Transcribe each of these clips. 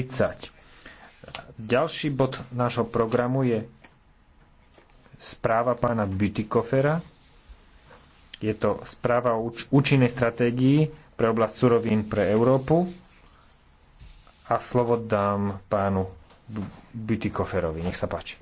30. Ďalší bod nášho programu je správa pána Bütikofera. Je to správa o úč- účinnej stratégii pre oblasť surovín pre Európu. A slovo dám pánu Bütikoferovi. Nech sa páči.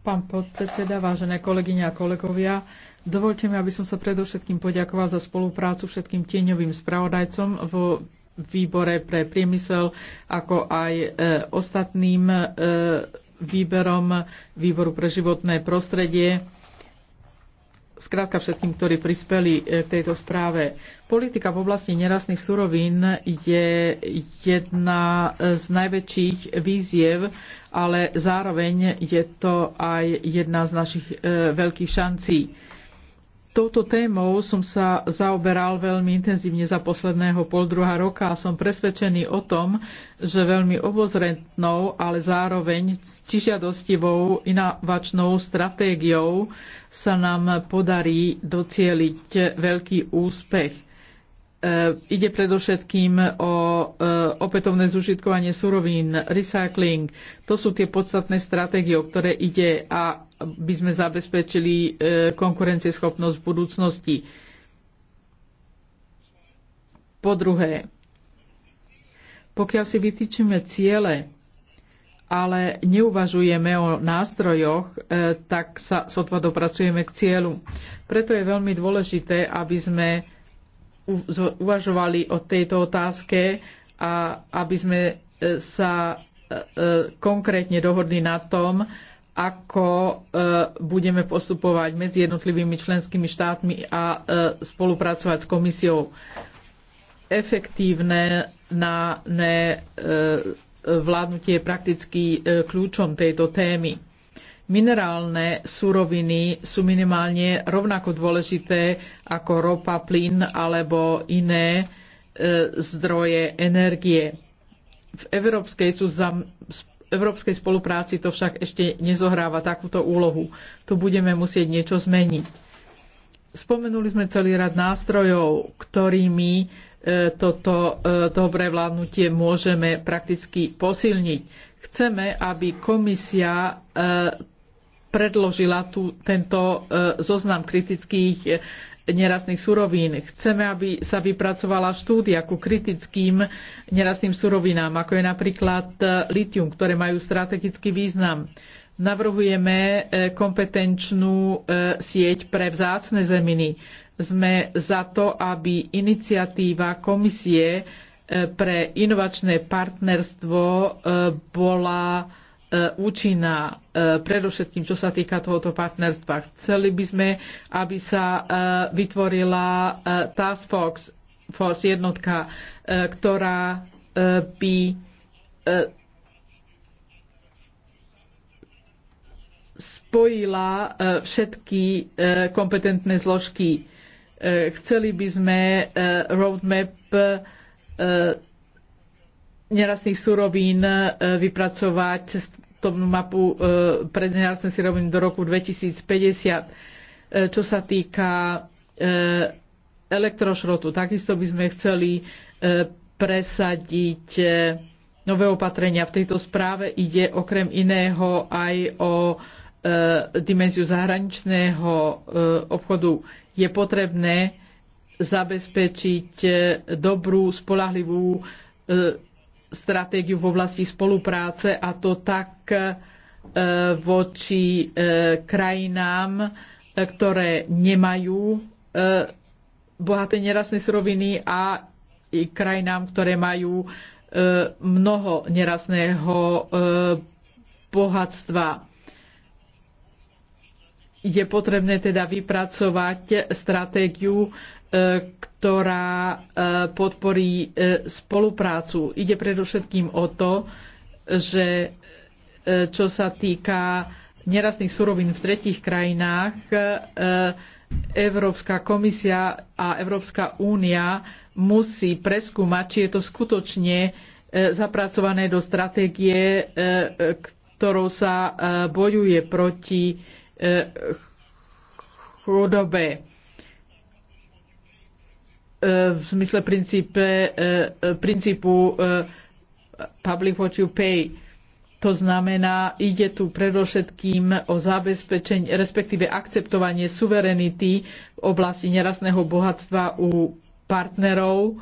Pán podpredseda, vážené kolegyne a kolegovia, dovolte mi, aby som sa predovšetkým poďakoval za spoluprácu všetkým tieňovým spravodajcom vo výbore pre priemysel, ako aj e, ostatným e, výberom výboru pre životné prostredie. Skrátka všetkým, ktorí prispeli e, k tejto správe. Politika v oblasti nerastných surovín je jedna z najväčších víziev, ale zároveň je to aj jedna z našich veľkých šancí touto témou som sa zaoberal veľmi intenzívne za posledného pol druhá roka a som presvedčený o tom, že veľmi obozretnou, ale zároveň stižiadostivou inovačnou stratégiou sa nám podarí docieliť veľký úspech E, ide predovšetkým o e, opätovné zužitkovanie surovín, recycling. To sú tie podstatné stratégie, o ktoré ide a by sme zabezpečili e, konkurencieschopnosť v budúcnosti. Po druhé, pokiaľ si vytýčime ciele, ale neuvažujeme o nástrojoch, tak sa sotva dopracujeme k cieľu. Preto je veľmi dôležité, aby sme uvažovali o tejto otázke a aby sme e, sa e, e, konkrétne dohodli na tom, ako budeme postupovať medzi jednotlivými členskými štátmi a spolupracovať s komisiou. Efektívne na ne, vládnutie je prakticky kľúčom tejto témy minerálne suroviny sú minimálne rovnako dôležité ako ropa, plyn alebo iné e, zdroje energie. V európskej, európskej spolupráci to však ešte nezohráva takúto úlohu. Tu budeme musieť niečo zmeniť. Spomenuli sme celý rad nástrojov, ktorými e, toto e, dobré vládnutie môžeme prakticky posilniť. Chceme, aby komisia predložila tu, tento e, zoznam kritických e, nerastných surovín. Chceme, aby sa vypracovala štúdia ku kritickým nerastným surovinám, ako je napríklad e, litium, ktoré majú strategický význam. Navrhujeme kompetenčnú sieť pre vzácne zeminy. Sme za to, aby iniciatíva komisie pre inovačné partnerstvo bola E, účinná, e, predovšetkým čo sa týka tohoto partnerstva. Chceli by sme, aby sa e, vytvorila Task Force, Force jednotka, ktorá by spojila všetky kompetentné zložky. Chceli by sme roadmap nerastných surovín e, vypracovať tú mapu e, pre nerastné suroviny do roku 2050. E, čo sa týka elektrošrotu, takisto by sme chceli presadiť nové opatrenia. V tejto správe ide okrem iného aj o dimenziu zahraničného obchodu. Je potrebné zabezpečiť dobrú, spolahlivú stratégiu v oblasti spolupráce a to tak e, voči e, krajinám, e, ktoré nemajú bohaté nerastné suroviny a i krajinám, ktoré majú mnoho nerastného bohatstva. Je potrebné teda vypracovať stratégiu E, ktorá e, podporí e, spoluprácu. Ide predovšetkým o to, že čo sa týka nerastných surovín v tretich krajinách, Európska komisia a Európska únia musí preskúmať, či je to skutočne zapracované do stratégie, ktorou sa bojuje proti chudobe E, v zmysle princípe, e, e, princípu public what you pay. To znamená, ide tu predovšetkým o zabezpečenie, respektíve akceptovanie suverenity v oblasti nerastného bohatstva u partnerov,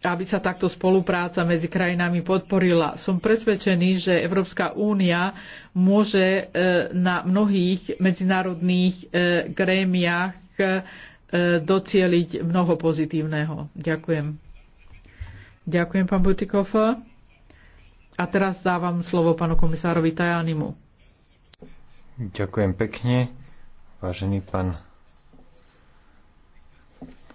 aby sa takto spolupráca medzi krajinami podporila. Som presvedčený, že Európska únia môže na mnohých medzinárodných grémiach E, docieliť mnoho pozitívneho. Ďakujem. Ďakujem, pán Butikov. A teraz dávam slovo pánu komisárovi Tajanimu. Ďakujem pekne, vážený pán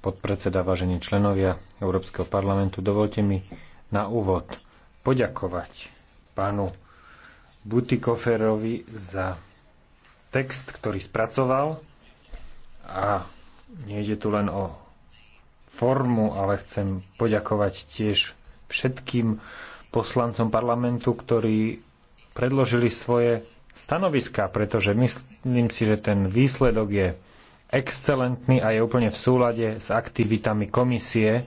podpredseda, vážení členovia Európskeho parlamentu. Dovolte mi na úvod poďakovať pánu Butikoferovi za text, ktorý spracoval a Nejde tu len o formu, ale chcem poďakovať tiež všetkým poslancom parlamentu, ktorí predložili svoje stanoviska, pretože myslím si, že ten výsledok je excelentný a je úplne v súlade s aktivitami komisie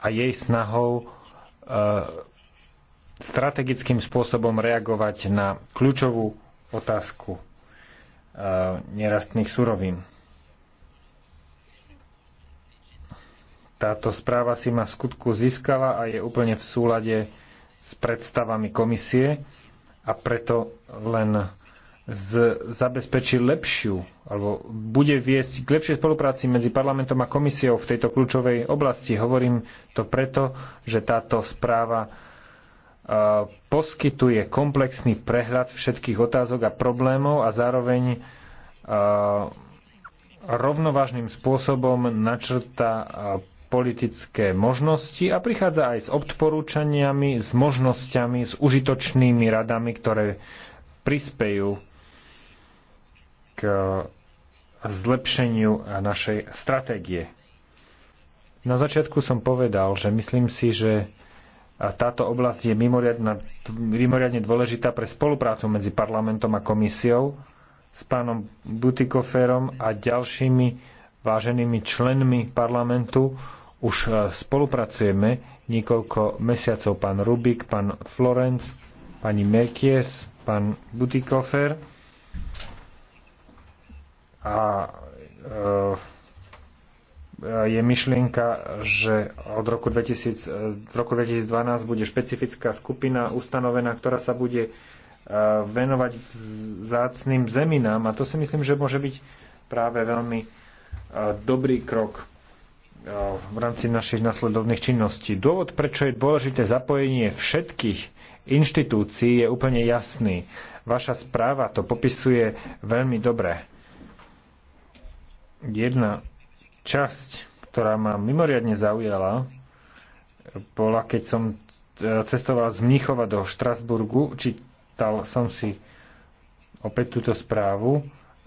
a jej snahou e, strategickým spôsobom reagovať na kľúčovú otázku e, nerastných surovín. Táto správa si ma skutku získala a je úplne v súlade s predstavami komisie a preto len z, zabezpečí lepšiu alebo bude viesť k lepšej spolupráci medzi parlamentom a komisiou v tejto kľúčovej oblasti. Hovorím to preto, že táto správa uh, poskytuje komplexný prehľad všetkých otázok a problémov a zároveň uh, rovnovážnym spôsobom načrta politické možnosti a prichádza aj s odporúčaniami, s možnosťami, s užitočnými radami, ktoré prispejú k zlepšeniu našej stratégie. Na začiatku som povedal, že myslím si, že táto oblasť je mimoriadne dôležitá pre spoluprácu medzi parlamentom a komisiou s pánom Butikoferom a ďalšími váženými členmi parlamentu už e, spolupracujeme niekoľko mesiacov pán Rubik, pán Florenc, pani Merkies, pán Butikofer a e, je myšlienka, že od roku 2000, v roku 2012 bude špecifická skupina ustanovená, ktorá sa bude e, venovať vzácným zeminám a to si myslím, že môže byť práve veľmi dobrý krok v rámci našich nasledovných činností. Dôvod, prečo je dôležité zapojenie všetkých inštitúcií, je úplne jasný. Vaša správa to popisuje veľmi dobre. Jedna časť, ktorá ma mimoriadne zaujala, bola, keď som e, cestoval z Mníchova do Štrasburgu, čítal som si opäť túto správu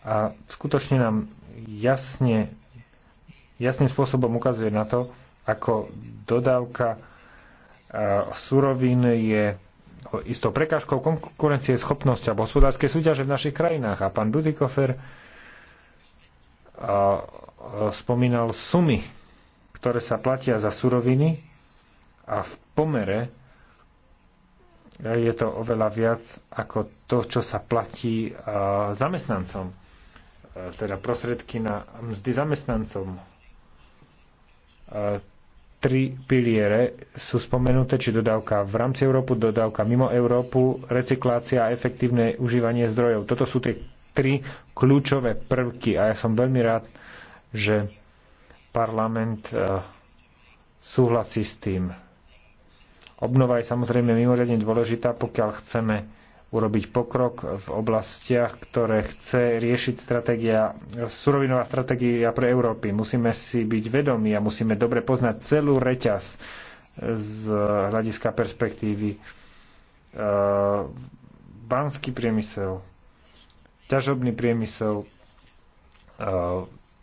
a skutočne nám jasne jasným spôsobom ukazuje na to, ako dodávka e, surovín je istou prekážkou konkurencie, schopnosti a hospodárskej súťaže v našich krajinách. A pán Dudikofer e, spomínal sumy, ktoré sa platia za suroviny a v pomere je to oveľa viac ako to, čo sa platí e, zamestnancom, teda prostriedky na mzdy zamestnancom E, tri piliere sú spomenuté, či dodávka v rámci Európu, dodávka mimo Európu, recyklácia a efektívne užívanie zdrojov. Toto sú tie tri kľúčové prvky a ja som veľmi rád, že parlament e, súhlasí s tým. Obnova je samozrejme mimoriadne dôležitá, pokiaľ chceme urobiť pokrok v oblastiach, ktoré chce riešiť stratégia, surovinová stratégia pre Európy. Musíme si byť vedomí a musíme dobre poznať celú reťaz z hľadiska perspektívy. E, Banský priemysel, ťažobný priemysel, e,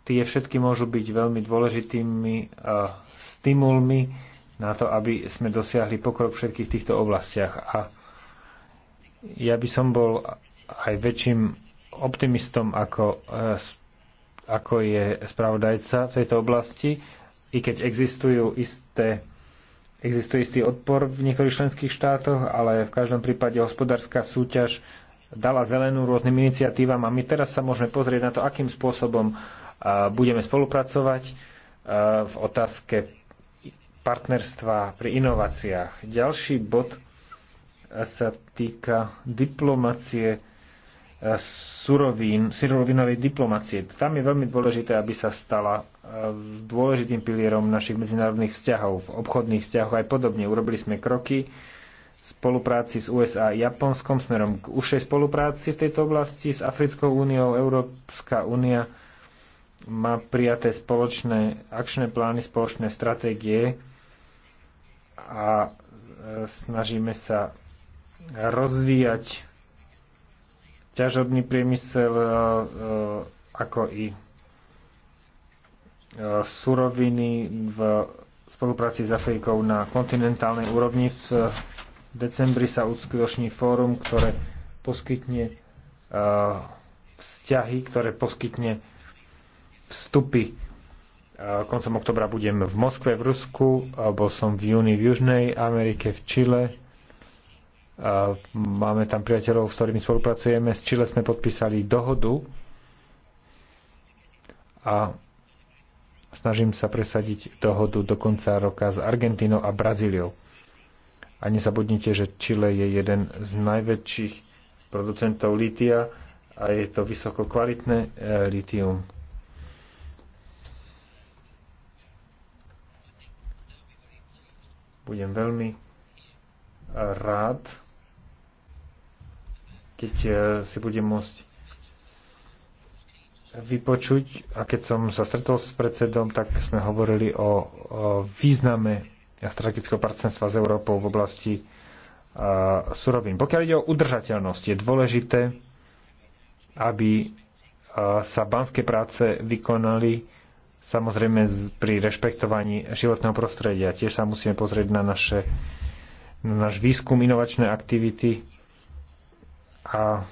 tie všetky môžu byť veľmi dôležitými e, stimulmi na to, aby sme dosiahli pokrok v všetkých týchto oblastiach. A ja by som bol aj väčším optimistom, ako, eh, ako je spravodajca v tejto oblasti, i keď existujú isté Existuje istý odpor v niektorých členských štátoch, ale v každom prípade hospodárska súťaž dala zelenú rôznym iniciatívam a my teraz sa môžeme pozrieť na to, akým spôsobom eh, budeme spolupracovať eh, v otázke partnerstva pri inováciách. Ďalší bod sa týka diplomacie surovín, surovinovej diplomacie. Tam je veľmi dôležité, aby sa stala e, dôležitým pilierom našich medzinárodných vzťahov, v obchodných vzťahoch aj podobne. Urobili sme kroky v spolupráci s USA a Japonskom smerom k ušej spolupráci v tejto oblasti s Africkou úniou. Európska únia má prijaté spoločné akčné plány, spoločné stratégie a e, snažíme sa rozvíjať ťažobný priemysel e, e, ako i e, suroviny v spolupráci s Afrikou na kontinentálnej úrovni. V decembri sa uskutoční fórum, ktoré poskytne vzťahy, ktoré poskytne vstupy. Koncom oktobra budem v Moskve, v Rusku, alebo som v júni v Južnej Amerike, v Čile, Máme tam priateľov, s ktorými spolupracujeme. S Čile sme podpísali dohodu a snažím sa presadiť dohodu do konca roka s Argentínou a Brazíliou. A nezabudnite, že Čile je jeden z najväčších producentov litia a je to vysoko kvalitné e, litium. Budem veľmi rád, keď e, si budem môcť vypočuť. A keď som sa stretol s predsedom, tak sme hovorili o, význame strategického partnerstva s Európou v oblasti e, surovín. Pokiaľ ide o udržateľnosť, je dôležité, aby e, sa banské práce vykonali samozrejme pri rešpektovaní životného prostredia. Tiež sa musíme pozrieť na naše na náš výskum, inovačné aktivity a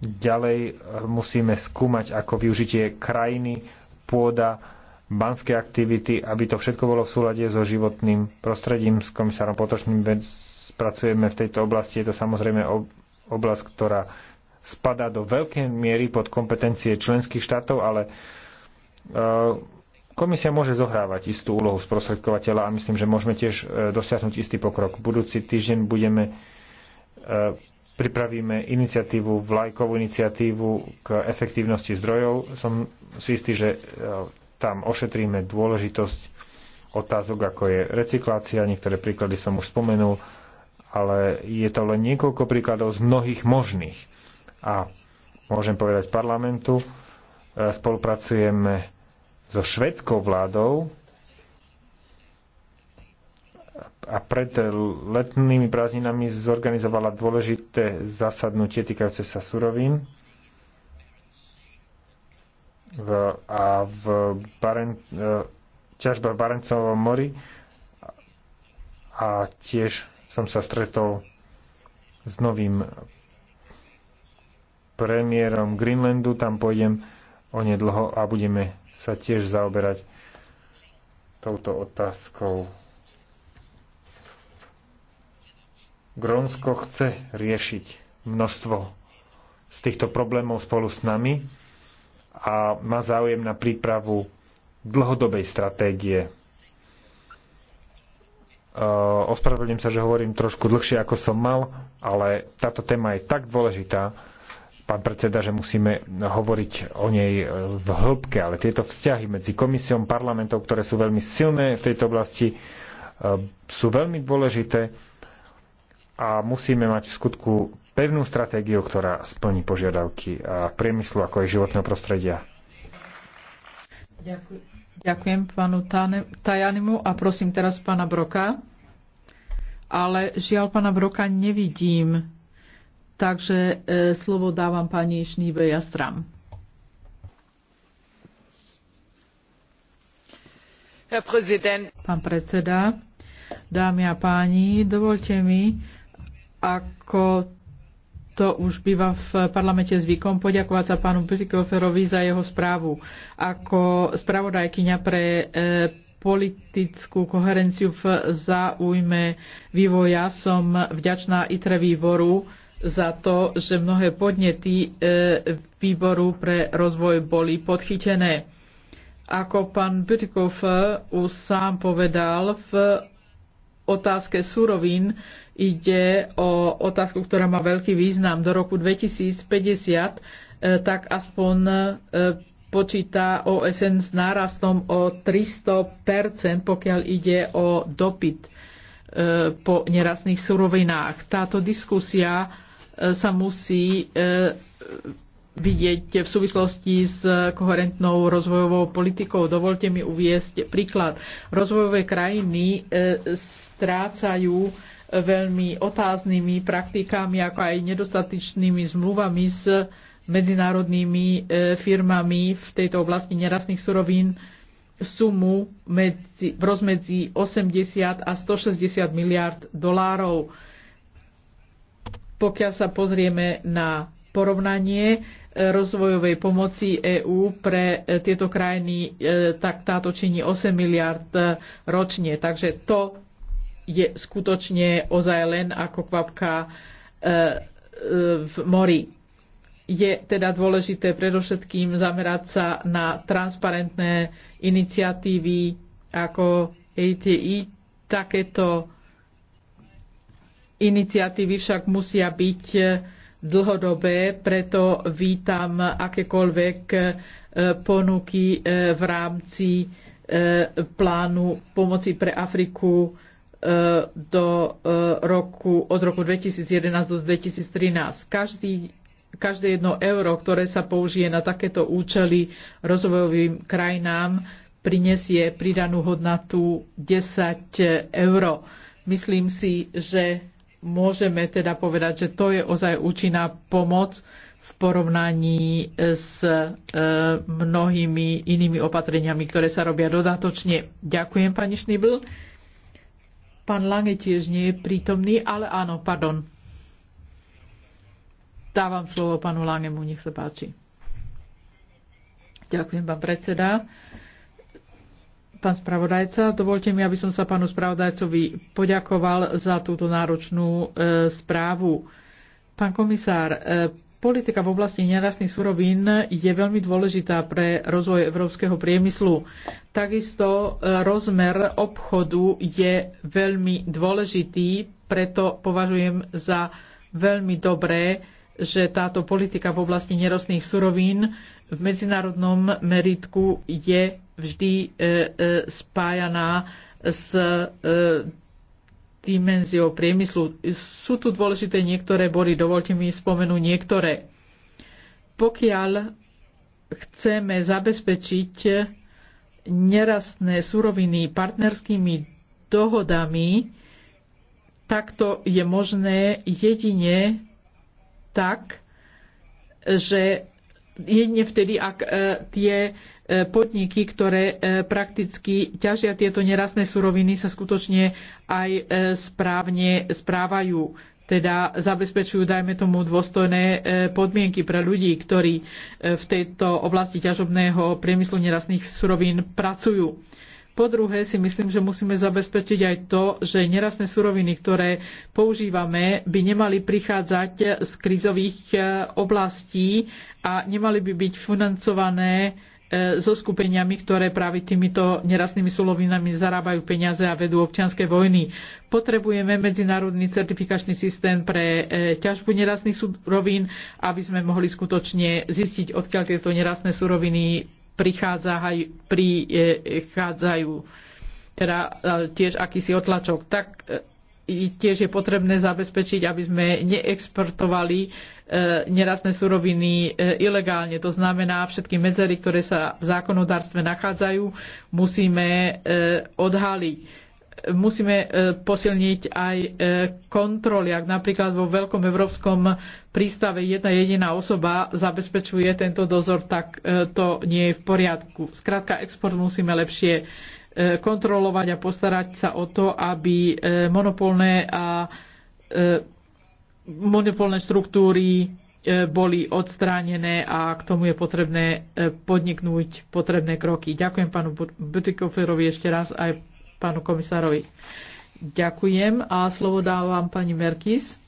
ďalej e, musíme skúmať ako využitie krajiny, pôda, banské aktivity, aby to všetko bolo v súlade so životným prostredím. S komisárom Potočným pracujeme v tejto oblasti. Je to samozrejme oblasť, ktorá spadá do veľkej miery pod kompetencie členských štátov, ale e, komisia môže zohrávať istú úlohu sprostredkovateľa a myslím, že môžeme tiež e, dosiahnuť istý pokrok. Budúci týždeň budeme pripravíme iniciatívu, vlajkovú iniciatívu k efektívnosti zdrojov. Som si istý, že e, tam ošetríme dôležitosť otázok, ako je recyklácia, niektoré príklady som už spomenul, ale je to len niekoľko príkladov z mnohých možných. A môžem povedať parlamentu, e, spolupracujeme so švedskou vládou a pred letnými prázdninami zorganizovala dôležité zasadnutie týkajúce sa surovín v, a v Baren, e, ťažba v Barencovom mori a tiež som sa stretol s novým premiérom Greenlandu, tam pôjdem onedlho a budeme sa tiež zaoberať touto otázkou. Grónsko chce riešiť množstvo z týchto problémov spolu s nami a má záujem na prípravu dlhodobej stratégie. E, ospravedlňujem sa, že hovorím trošku dlhšie, ako som mal, ale táto téma je tak dôležitá, pán predseda, že musíme hovoriť o nej v hĺbke, ale tieto vzťahy medzi komisiou parlamentov, ktoré sú veľmi silné v tejto oblasti, e, sú veľmi dôležité a musíme mať v skutku pevnú stratégiu, ktorá splní požiadavky a priemyslu ako aj životného prostredia. Ďakujem, ďakujem pánu Tajanimu a prosím teraz pána Broka. Ale žiaľ pána Broka nevidím, takže e, slovo dávam pani Šníbe Jastram. Pán predseda, dámy a páni, dovolte mi ako to už býva v parlamente zvykom, poďakovať sa pánu Butikoferovi za jeho správu. Ako spravodajkyňa pre e, politickú koherenciu v záujme vývoja som vďačná ITRE výboru za to, že mnohé podnety e, výboru pre rozvoj boli podchytené. Ako pán Butikofer už sám povedal, v otázke surovín ide o otázku, ktorá má veľký význam. Do roku 2050 e, tak aspoň e, počíta OSN s nárastom o 300%, pokiaľ ide o dopyt e, po nerastných surovinách. Táto diskusia sa musí vidieť v súvislosti s koherentnou rozvojovou politikou. Dovolte mi uviesť príklad. Rozvojové krajiny strácajú veľmi otáznými praktikami, ako aj nedostatečnými zmluvami s medzinárodnými e, firmami v tejto oblasti nerastných surovín sumu medzi, v rozmedzi 80 a 160 miliard dolárov. Pokiaľ sa pozrieme na porovnanie e, rozvojovej pomoci EÚ pre e, tieto krajiny, tak táto činí 8 miliard ročne. Takže to je skutočne ozaj len ako kvapka e, e, v mori. Je teda dôležité predovšetkým zamerať sa na transparentné iniciatívy ako ATI. Takéto iniciatívy však musia byť dlhodobé, preto vítam akékoľvek e, ponuky v rámci plánu pomoci pre Afriku E, do e, roku, od roku 2011 do 2013. Každý, každé jedno euro, ktoré sa použije na takéto účely rozvojovým krajinám, prinesie pridanú hodnotu 10 euro. Myslím si, že môžeme teda povedať, že to je ozaj účinná pomoc v porovnaní s e, mnohými inými opatreniami, ktoré sa robia dodatočne. Ďakujem, pani Šnibl. Pán Lange tiež nie je prítomný, ale áno, pardon. Dávam slovo pánu Langemu, nech sa páči. Ďakujem, pán predseda. Pán spravodajca, dovolte mi, aby som sa pánu spravodajcovi poďakoval za túto náročnú e, správu. Pán komisár, e, Politika v oblasti nerastných surovín je veľmi dôležitá pre rozvoj európskeho priemyslu. Takisto e, rozmer obchodu je veľmi dôležitý, preto považujem za veľmi dobré, že táto politika v oblasti nerostných surovín v medzinárodnom meritku je vždy e, e, spájaná s dimenziou priemyslu. Sú tu dôležité niektoré body, dovolte mi spomenúť niektoré. Pokiaľ chceme zabezpečiť nerastné suroviny partnerskými dohodami, takto je možné jedine tak, že jedine vtedy, ak e, tie E, podniky, ktoré e, prakticky ťažia tieto nerastné suroviny, sa skutočne aj e, správne správajú teda zabezpečujú, dajme tomu, dôstojné podmienky pre ľudí, ktorí v tejto oblasti ťažobného priemyslu nerastných surovín pracujú. Po druhé si myslím, že musíme zabezpečiť aj to, že nerastné suroviny, ktoré používame, by nemali prichádzať z krízových oblastí a nemali by byť financované E, so skupeniami, ktoré práve týmito nerastnými surovinami zarábajú peniaze a vedú občianske vojny. Potrebujeme medzinárodný certifikačný systém pre e, ťažbu nerastných surovín, aby sme mohli skutočne zistiť, odkiaľ tieto nerastné suroviny prichádzajú, teda e, tiež akýsi otlačok. Tak tiež je potrebné zabezpečiť, aby sme neexportovali E, nerastné suroviny e, ilegálne. To znamená, všetky medzery, ktoré sa v zákonodárstve nachádzajú, musíme e, odhaliť musíme posilniť aj kontroly. Ak napríklad vo veľkom európskom prístave jedna jediná osoba zabezpečuje tento dozor, tak to nie je v poriadku. Skrátka, export musíme lepšie kontrolovať a postarať sa o to, aby monopolné a monopolné štruktúry e, boli odstránené a k tomu je potrebné e, podniknúť potrebné kroky. Ďakujem pánu Butikoferovi ešte raz aj pánu komisárovi. Ďakujem a slovo dávam pani Merkis.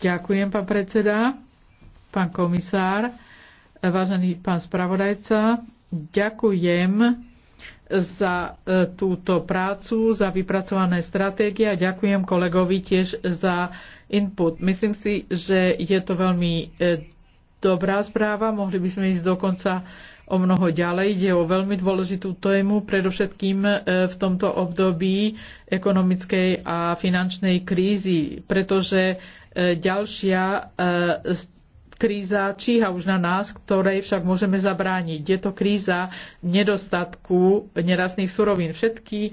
Ďakujem, pán predseda, pán komisár, vážený pán spravodajca. Ďakujem za e, túto prácu, za vypracované stratégie a ďakujem kolegovi tiež za input. Myslím si, že je to veľmi e, dobrá správa, mohli by sme ísť dokonca o mnoho ďalej. Ide o veľmi dôležitú tému, predovšetkým e, v tomto období ekonomickej a finančnej krízy, pretože ďalšia z kríza číha už na nás, ktorej však môžeme zabrániť. Je to kríza nedostatku nerastných surovín. Všetky e,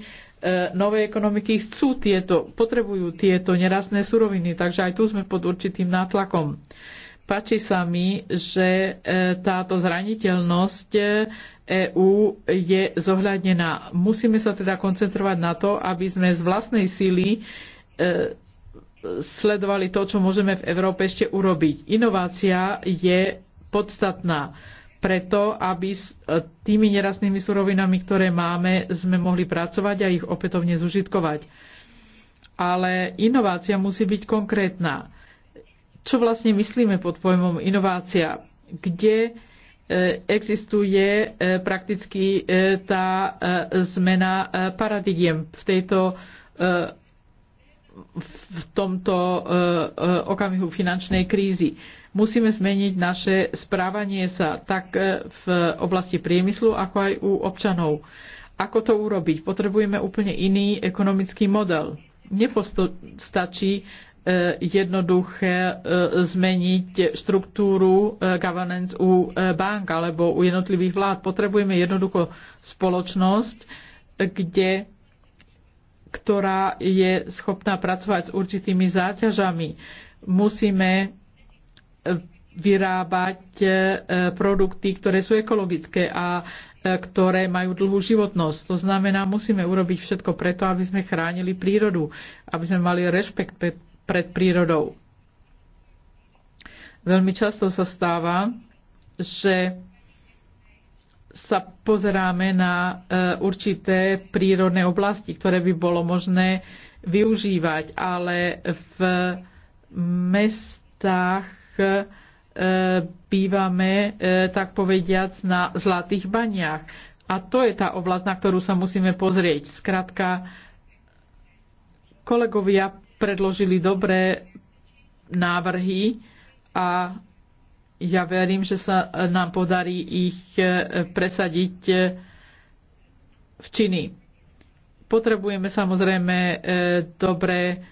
nové ekonomiky chcú tieto, potrebujú tieto nerastné suroviny, takže aj tu sme pod určitým nátlakom. Páči sa mi, že e, táto zraniteľnosť EÚ e je zohľadnená. Musíme sa teda koncentrovať na to, aby sme z vlastnej síly sledovali to, čo môžeme v Európe ešte urobiť. Inovácia je podstatná preto, aby s e, tými nerastnými surovinami, ktoré máme, sme mohli pracovať a ich opätovne zužitkovať. Ale inovácia musí byť konkrétna. Čo vlastne myslíme pod pojmom inovácia? Kde e, existuje e, prakticky tá zmena paradigiem v tejto v tomto e, e, okamihu finančnej krízy. Musíme zmeniť naše správanie sa tak e, v oblasti priemyslu, ako aj u občanov. Ako to urobiť? Potrebujeme úplne iný ekonomický model. Nepostačí jednoduché zmeniť štruktúru governance u bank alebo u jednotlivých vlád. Potrebujeme jednoducho spoločnosť, kde ktorá je schopná pracovať s určitými záťažami. Musíme e, vyrábať e, produkty, ktoré sú ekologické a e, ktoré majú dlhú životnosť. To znamená, musíme urobiť všetko preto, aby sme chránili prírodu, aby sme mali rešpekt pred prírodou. Veľmi často sa stáva, že sa pozeráme na e, určité prírodné oblasti, ktoré by bolo možné využívať, ale v mestách e, bývame, e, tak povediac, na zlatých baniach. A to je tá oblasť, na ktorú sa musíme pozrieť. Skrátka, kolegovia predložili dobré návrhy a ja verím, že sa e, nám podarí ich e, presadiť e, v činy. Potrebujeme samozrejme dobré,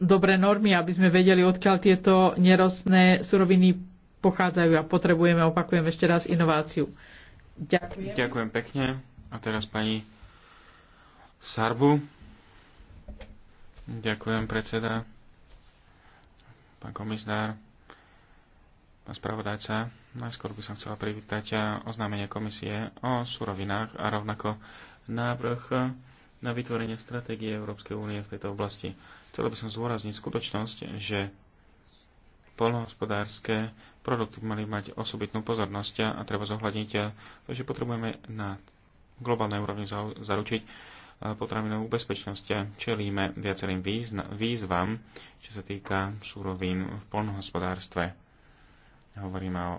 dobré normy, aby sme vedeli, odkiaľ tieto nerostné suroviny pochádzajú a potrebujeme, opakujem ešte raz, inováciu. Ďakujem. Ďakujem pekne. A teraz pani Sarbu. Ďakujem, predseda pán komisár, pán spravodajca. Najskôr by som chcela privítať eh, oznámenie komisie o surovinách a rovnako návrh eh, na vytvorenie stratégie Európskej únie v tejto oblasti. Chcel by som zúrazniť skutočnosť, že polnohospodárske produkty by mali mať osobitnú pozornosť eh, a treba zohľadniť to, že potrebujeme na globálnej úrovni zaručiť potravinovú bezpečnosť. Čelíme viacerým výzvam, čo sa týka súrovín v polnohospodárstve. Hovoríme o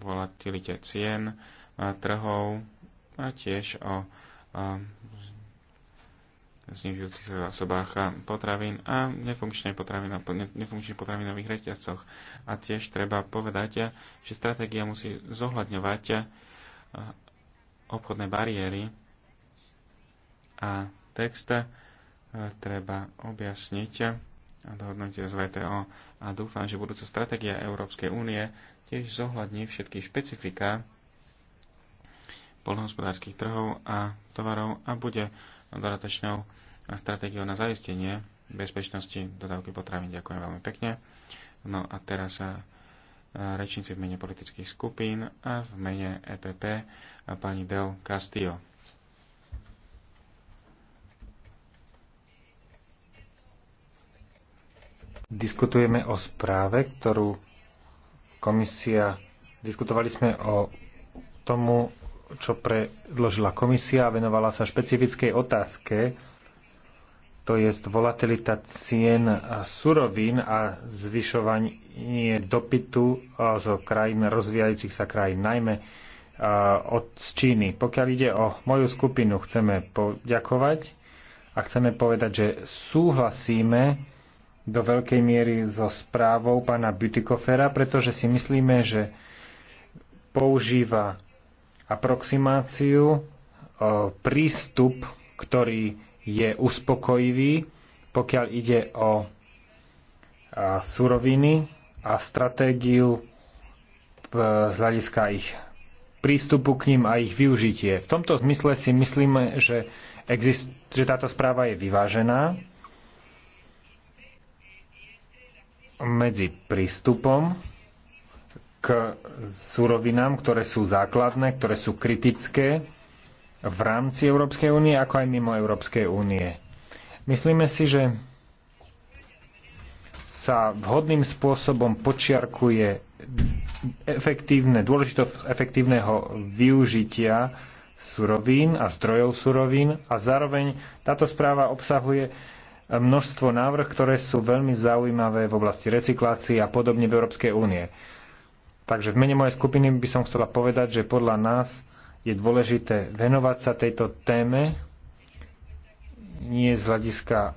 volatilite cien, trhov a tiež o znižujúcich sa zásobách potravín a nefunkčných nefunkčných potravinových reťazcoch. A tiež treba povedať, že stratégia musí zohľadňovať obchodné bariéry a text e, treba objasniť a dohodnúť z VTO a dúfam, že budúca stratégia Európskej únie tiež zohľadní všetky špecifika polnohospodárských trhov a tovarov a bude dodatočnou stratégiou na zaistenie bezpečnosti dodávky potravín. Ďakujem veľmi pekne. No a teraz sa e, rečníci v mene politických skupín a v mene EPP a pani Del Castillo. Diskutujeme o správe, ktorú komisia, diskutovali sme o tomu, čo predložila komisia a venovala sa špecifickej otázke, to je volatilita cien surovín a zvyšovanie dopytu zo krajín rozvíjajúcich sa krajín, najmä od Číny. Pokiaľ ide o moju skupinu, chceme poďakovať a chceme povedať, že súhlasíme do veľkej miery so správou pána Butikofera, pretože si myslíme, že používa aproximáciu, e, prístup, ktorý je uspokojivý, pokiaľ ide o e, suroviny a stratégiu e, z hľadiska ich prístupu k ním a ich využitie. V tomto zmysle si myslíme, že, exist- že táto správa je vyvážená medzi prístupom k surovinám, ktoré sú základné, ktoré sú kritické v rámci Európskej únie, ako aj mimo Európskej únie. Myslíme si, že sa vhodným spôsobom počiarkuje efektívne, dôležitosť efektívneho využitia surovín a zdrojov surovín a zároveň táto správa obsahuje množstvo návrh, ktoré sú veľmi zaujímavé v oblasti recyklácie a podobne v Európskej únie. Takže v mene mojej skupiny by som chcela povedať, že podľa nás je dôležité venovať sa tejto téme nie z hľadiska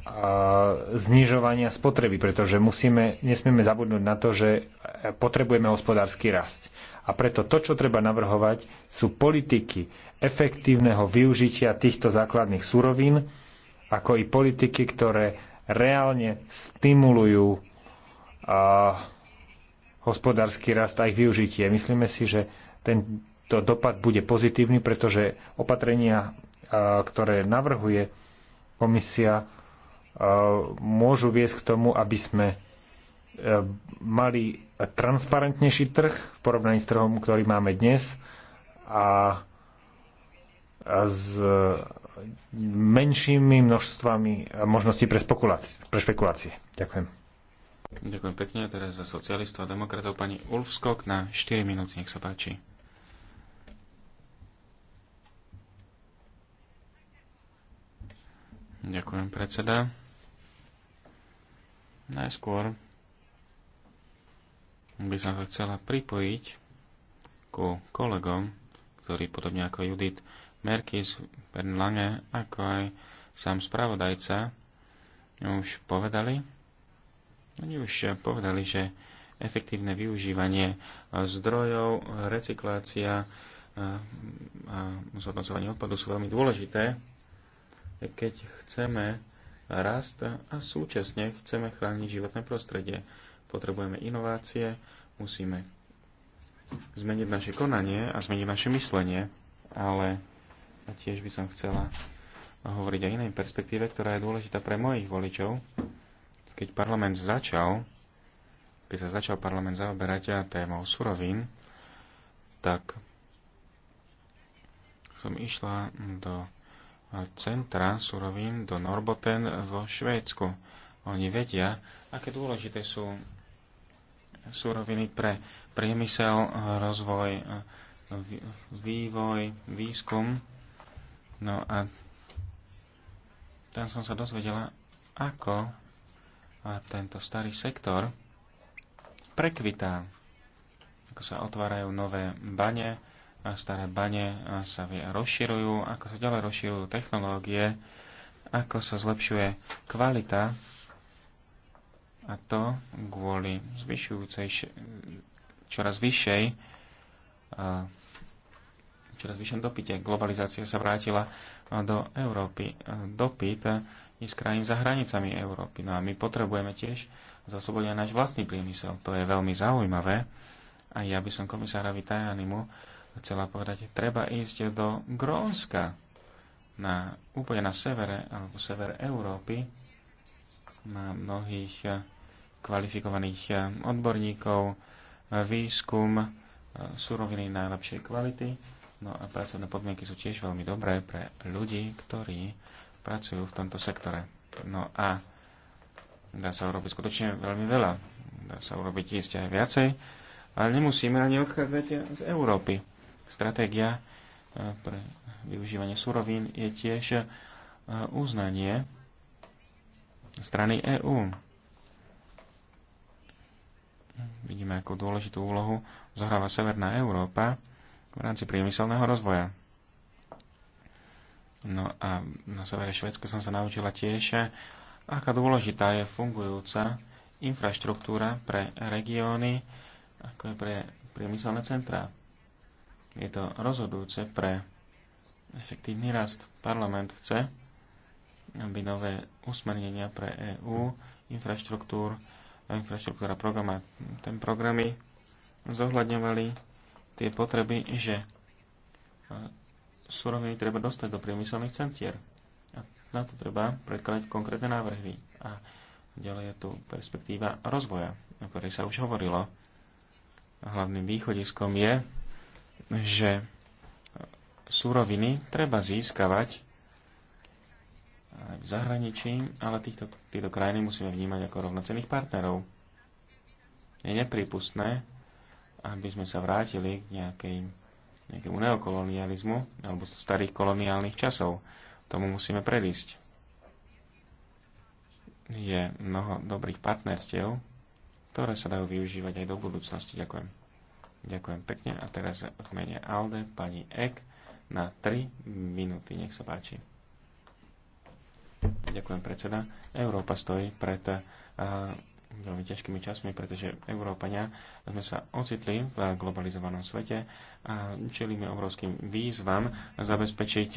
znižovania spotreby, pretože musíme, nesmieme zabudnúť na to, že potrebujeme hospodársky rast. A preto to, čo treba navrhovať, sú politiky efektívneho využitia týchto základných surovín, ako i politiky, ktoré reálne stimulujú a, hospodársky rast a ich využitie. Myslíme si, že tento dopad bude pozitívny, pretože opatrenia, a, ktoré navrhuje komisia, a, môžu viesť k tomu, aby sme e, mali transparentnejší trh v porovnaní s trhom, ktorý máme dnes a, a z, menšími množstvami možností pre, pre špekulácie. Ďakujem. Ďakujem pekne. Teraz za socialistov a demokratov pani Ulfskok na 4 minúty. Nech sa páči. Ďakujem, predseda. Najskôr by som sa chcela pripojiť ku kolegom, ktorí podobne ako Judith Merkis, Bernlange, Lange, ako aj sám spravodajca už povedali, oni už povedali, že efektívne využívanie zdrojov, recyklácia a zhodnocovanie odpadu sú veľmi dôležité, keď chceme rast a súčasne chceme chrániť životné prostredie. Potrebujeme inovácie, musíme zmeniť naše konanie a zmeniť naše myslenie, ale a tiež by som chcela hovoriť o inej perspektíve, ktorá je dôležitá pre mojich voličov. Keď parlament začal, keď sa začal parlament zaoberať témou surovín, tak som išla do centra surovín, do Norboten vo Švédsku. Oni vedia, aké dôležité sú suroviny pre priemysel, rozvoj, vývoj, výskum No a tam som sa dozvedela, ako tento starý sektor prekvitá, ako sa otvárajú nové bane, a staré bane sa rozširujú, ako sa ďalej rozširujú technológie, ako sa zlepšuje kvalita a to kvôli zvyšujúcej, čoraz vyššej čoraz vyššom dopite. Globalizácia sa vrátila do Európy. Dopyt je z krajín za hranicami Európy. No a my potrebujeme tiež zasobovať náš vlastný priemysel. To je veľmi zaujímavé. A ja by som komisárovi Tajanimu chcela povedať, treba ísť do Grónska, na, úplne na severe, alebo sever Európy. na mnohých eh, kvalifikovaných eh, odborníkov, výskum, eh, suroviny najlepšej kvality No a pracovné podmienky sú tiež veľmi dobré pre ľudí, ktorí pracujú v tomto sektore. No a dá sa urobiť skutočne veľmi veľa. Dá sa urobiť ísť aj viacej, ale nemusíme ani odchádzať z Európy. Stratégia e, pre využívanie surovín je tiež e, uznanie strany EÚ. Vidíme, akú dôležitú úlohu zohráva Severná Európa v rámci priemyselného rozvoja. No a na severe Švedska som sa naučila tiež, aká dôležitá je fungujúca infraštruktúra pre regióny, ako je pre priemyselné centrá. Je to rozhodujúce pre efektívny rast. Parlament chce, aby nové usmernenia pre EÚ, infraštruktúr, infraštruktúra programa, ten programy zohľadňovali tie potreby, že e, suroviny treba dostať do priemyselných centier. A na to treba predkladať konkrétne návrhy. A ďalej je tu perspektíva rozvoja, o ktorej sa už hovorilo. A hlavným východiskom je, že súroviny treba získavať aj v zahraničí, ale týchto, týchto krajiny musíme vnímať ako rovnocených partnerov. Je nepripustné, aby sme sa vrátili k nejakej, nejakému neokolonializmu alebo starých koloniálnych časov. Tomu musíme predísť. Je mnoho dobrých partnerstiev, ktoré sa dajú využívať aj do budúcnosti. Ďakujem. Ďakujem pekne a teraz v mene Alde pani Ek na 3 minúty. Nech sa páči. Ďakujem predseda. Európa stojí pred uh, veľmi ťažkými časmi, pretože Európania sme sa ocitli v globalizovanom svete a čelíme obrovským výzvam zabezpečiť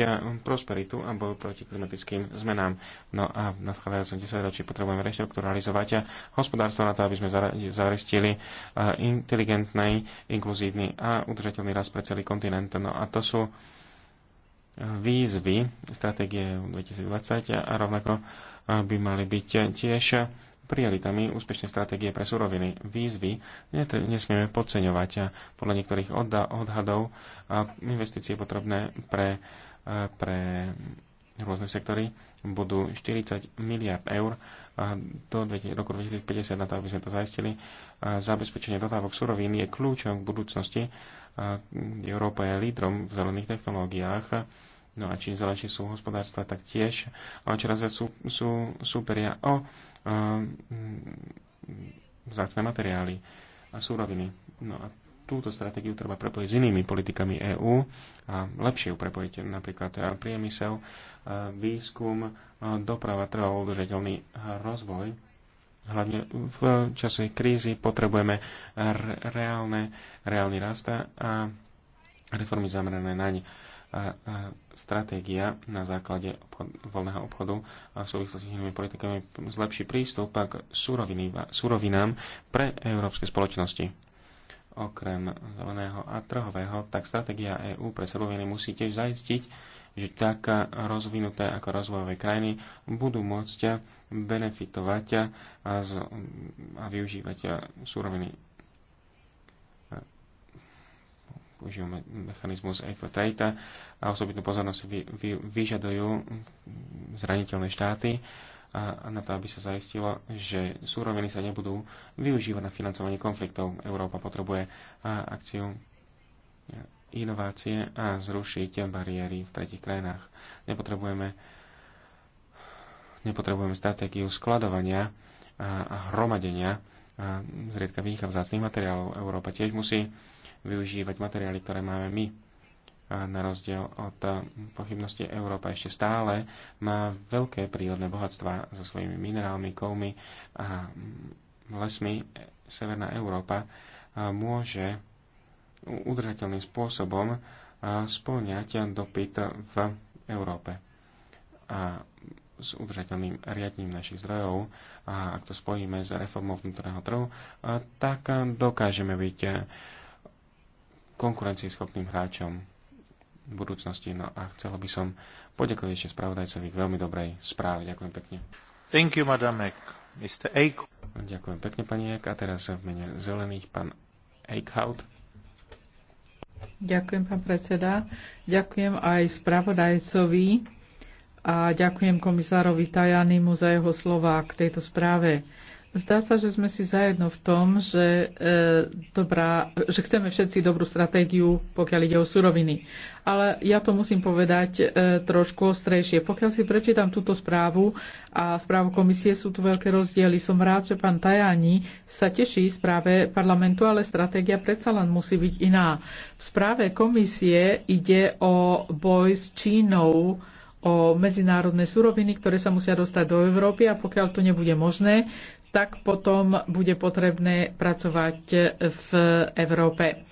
prosperitu a boj proti klimatickým zmenám. No a v naschádzajúcom 10 ročí potrebujeme reštrukturalizovať hospodárstvo na to, aby sme zarestili e, inteligentný, inkluzívny a udržateľný rast pre celý kontinent. No a to sú výzvy stratégie 2020 a rovnako e, by mali byť tiež prioritami úspešnej stratégie pre suroviny. Výzvy nesmieme podceňovať a podľa niektorých odhadov a investície potrebné pre, e, pre rôzne sektory budú 40 miliard eur do roku 2050 na to, aby sme to zaistili. Zabezpečenie dodávok surovín je kľúčom k budúcnosti. Európa je lídrom v zelených technológiách. No a čím zelenšie sú hospodárstva, tak tiež ale čoraz viac sú, sú, súperia o Mm, vzácne materiály a súroviny. No a túto stratégiu treba prepojiť s inými politikami EÚ a lepšie ju prepojiť napríklad e, priemysel, e, výskum, e, doprava, trvalo udržateľný rozvoj. Hlavne v čase krízy potrebujeme reálne, reálny rast a reformy zamerané naň stratégia na základe obchod, voľného obchodu a v súvislosti s inými politikami zlepší prístup k surovinám pre európske spoločnosti. Okrem zeleného a trhového, tak stratégia EÚ pre suroviny musí tiež zaistiť, že tak rozvinuté ako rozvojové krajiny budú môcť benefitovať a, z, a využívať suroviny použijú mechanizmus ekvataita a osobitnú pozornosť vy, vy, vyžadujú zraniteľné štáty a, a na to, aby sa zaistilo, že súroviny sa nebudú využívať na financovanie konfliktov. Európa potrebuje a, akciu inovácie a zrušiť bariéry v tretich krajinách. Nepotrebujeme, nepotrebujeme stratégiu skladovania a, a hromadenia a zriedkavých a vzácných materiálov. Európa tiež musí využívať materiály, ktoré máme my. A na rozdiel od eh, pochybnosti Európa ešte stále má veľké prírodné bohatstva so svojimi minerálmi, kovmi a mm, lesmi. Severná Európa eh, môže udržateľným spôsobom eh, spĺňať dopyt v Európe. A s udržateľným riadením našich zdrojov a ak to spojíme s reformou vnútorného trhu, tak dokážeme byť konkurencieschopným hráčom v budúcnosti. No a chcel by som poďakovať ešte spravodajcovi k veľmi dobrej správe. Ďakujem pekne. Thank you, Madam Ek. Mr. Eik. Ďakujem pekne, pani Ek. A teraz v mene zelených pán Eichhout. Ďakujem, pán predseda. Ďakujem aj spravodajcovi a ďakujem komisárovi Tajanimu za jeho slova k tejto správe. Zdá sa, že sme si zajedno v tom, že, e, dobrá, že chceme všetci dobrú stratégiu, pokiaľ ide o suroviny. Ale ja to musím povedať e, trošku ostrejšie. Pokiaľ si prečítam túto správu a správu komisie, sú tu veľké rozdiely. Som rád, že pán Tajani sa teší správe parlamentu, ale stratégia predsa len musí byť iná. V správe komisie ide o boj s Čínou, o medzinárodné suroviny, ktoré sa musia dostať do Európy a pokiaľ to nebude možné, tak potom bude potrebné pracovať v Európe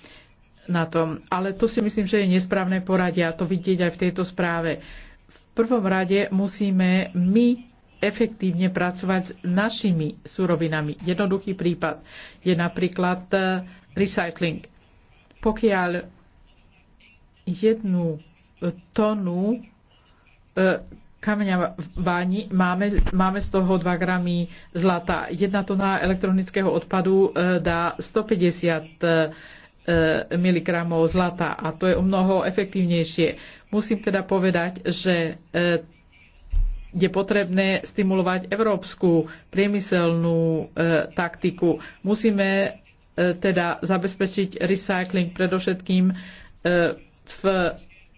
na tom. Ale to si myslím, že je nesprávne poradie a to vidieť aj v tejto správe. V prvom rade musíme my efektívne pracovať s našimi surovinami. Jednoduchý prípad je napríklad eh, recycling. Pokiaľ jednu tonu eh, kameňa váni. Máme, máme z toho 2 gramy zlata. Jedna tona elektronického odpadu e, dá 150 e, e, mg zlata a to je o mnoho efektívnejšie. Musím teda povedať, že je potrebné stimulovať európsku priemyselnú taktiku. Musíme teda zabezpečiť recycling predovšetkým v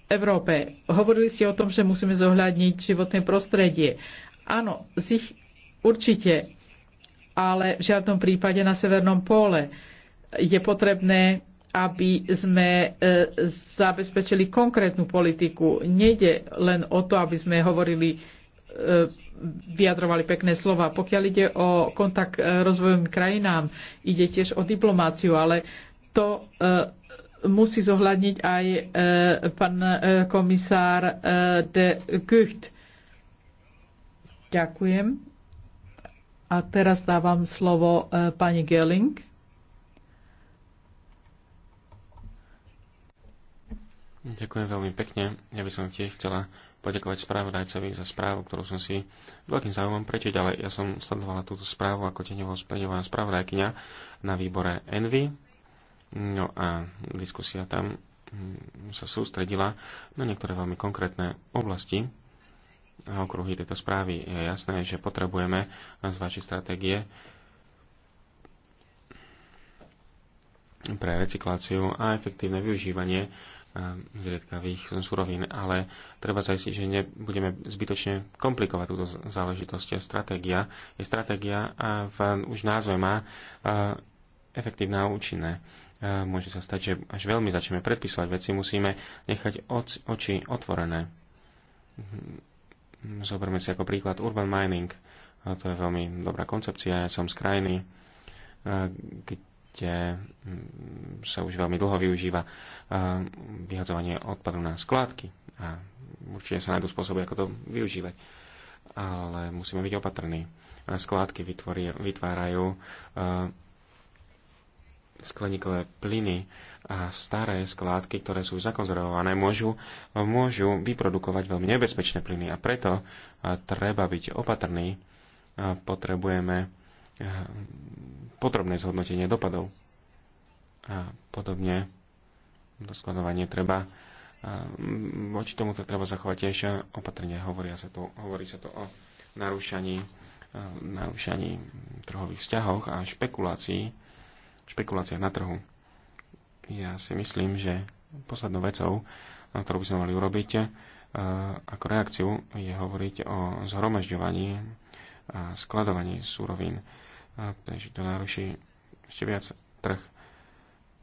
Európe. Hovorili ste o tom, že musíme zohľadniť životné prostredie. Áno, z ich určite, ale v žiadnom prípade na Severnom pole je potrebné, aby sme e, zabezpečili konkrétnu politiku. Nejde len o to, aby sme hovorili e, vyjadrovali pekné slova. Pokiaľ ide o kontakt rozvojovým krajinám, ide tiež o diplomáciu, ale to e, musí zohľadniť aj e, pán e, komisár e, de Gucht. Ďakujem. A teraz dávam slovo pani Gelling. Ďakujem veľmi pekne. Ja by som tiež chcela poďakovať správodajcovi za správu, ktorú som si veľkým záujmom prečiť, ale ja som sledovala túto správu ako teňová spravodajkyňa na výbore Envy No a diskusia tam mm, sa sústredila na niektoré veľmi konkrétne oblasti a okruhy tejto správy. Je jasné, že potrebujeme zvážiť stratégie pre recikláciu a efektívne využívanie zriedkavých surovín, ale treba zajistiť, že nebudeme zbytočne komplikovať túto záležitosť. Stratégia je stratégia a v, už názve má efektívne a účinné môže sa stať, že až veľmi začneme predpisovať veci, musíme nechať oči otvorené. Mhm. Zoberme si ako príklad urban mining. to je veľmi dobrá koncepcia. Ja som z krajiny, kde mm, sa už veľmi dlho využíva vyhadzovanie odpadu na skládky. A určite sa nájdú spôsoby, ako to využívať. Ale musíme byť opatrní. Skládky vytvárajú skleníkové plyny a staré skládky, ktoré sú zakonzervované, môžu, môžu vyprodukovať veľmi nebezpečné plyny a preto treba byť opatrný. Potrebujeme podrobné zhodnotenie dopadov. A podobne doskladovanie treba voči tomu sa treba zachovať tiež opatrne. Hovoria sa tu, hovorí sa tu o narúšaní, narúšaní trhových vzťahoch a špekulácií špekuláciách na trhu. Ja si myslím, že poslednou vecou, na ktorú by sme mali urobiť, eh, ako reakciu je hovoriť o zhromažďovaní a skladovaní súrovín, pretože to naruší ešte viac trh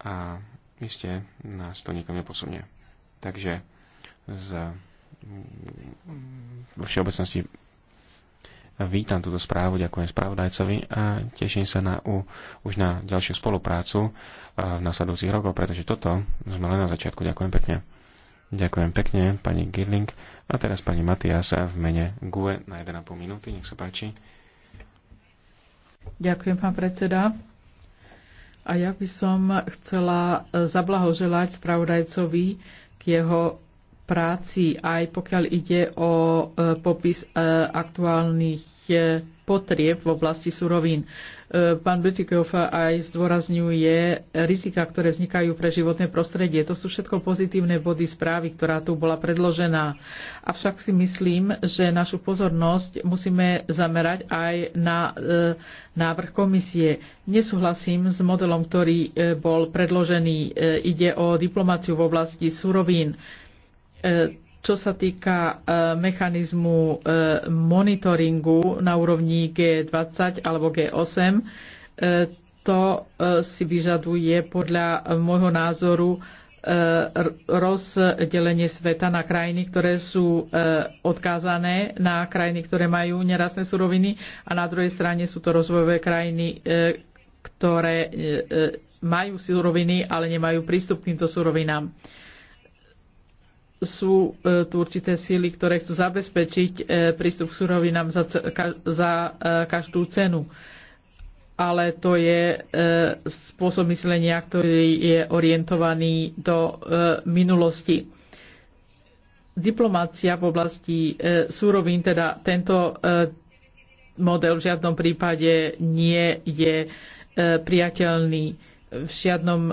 a iste nás to niekam neposunie. Takže z vo všeobecnosti Vítam túto správu, ďakujem spravodajcovi a teším sa na, u, už na ďalšiu spoluprácu e, v nasledujúcich rokoch, pretože toto sme len na začiatku. Ďakujem pekne. Ďakujem pekne, pani Girling. A teraz pani Matias v mene GUE na 1,5 minúty. Nech sa páči. Ďakujem, pán predseda. A ja by som chcela zablahoželať spravodajcovi k jeho práci, aj pokiaľ ide o e, popis e, aktuálnych e, potrieb v oblasti surovín. Pán Butikov aj zdôrazňuje rizika, ktoré vznikajú pre životné prostredie. To sú všetko pozitívne body správy, ktorá tu bola predložená. Avšak si myslím, že našu pozornosť musíme zamerať aj na návrh komisie. Nesúhlasím s modelom, ktorý bol predložený. Ide o diplomáciu v oblasti surovín E, čo sa týka e, mechanizmu e, monitoringu na úrovni G20 alebo G8, to si vyžaduje podľa môjho názoru rozdelenie sveta na krajiny, ktoré sú odkázané na krajiny, ktoré majú nerastné suroviny a na druhej strane sú to rozvojové krajiny, ktoré majú suroviny, ale nemajú prístup k týmto surovinám sú e, tu určité síly, ktoré chcú zabezpečiť e, prístup k surovinám za, za e, každú cenu. Ale to je spôsob myslenia, ktorý je orientovaný do minulosti. Diplomácia v oblasti súrovín, teda tento model v žiadnom prípade nie je priateľný. V žiadnom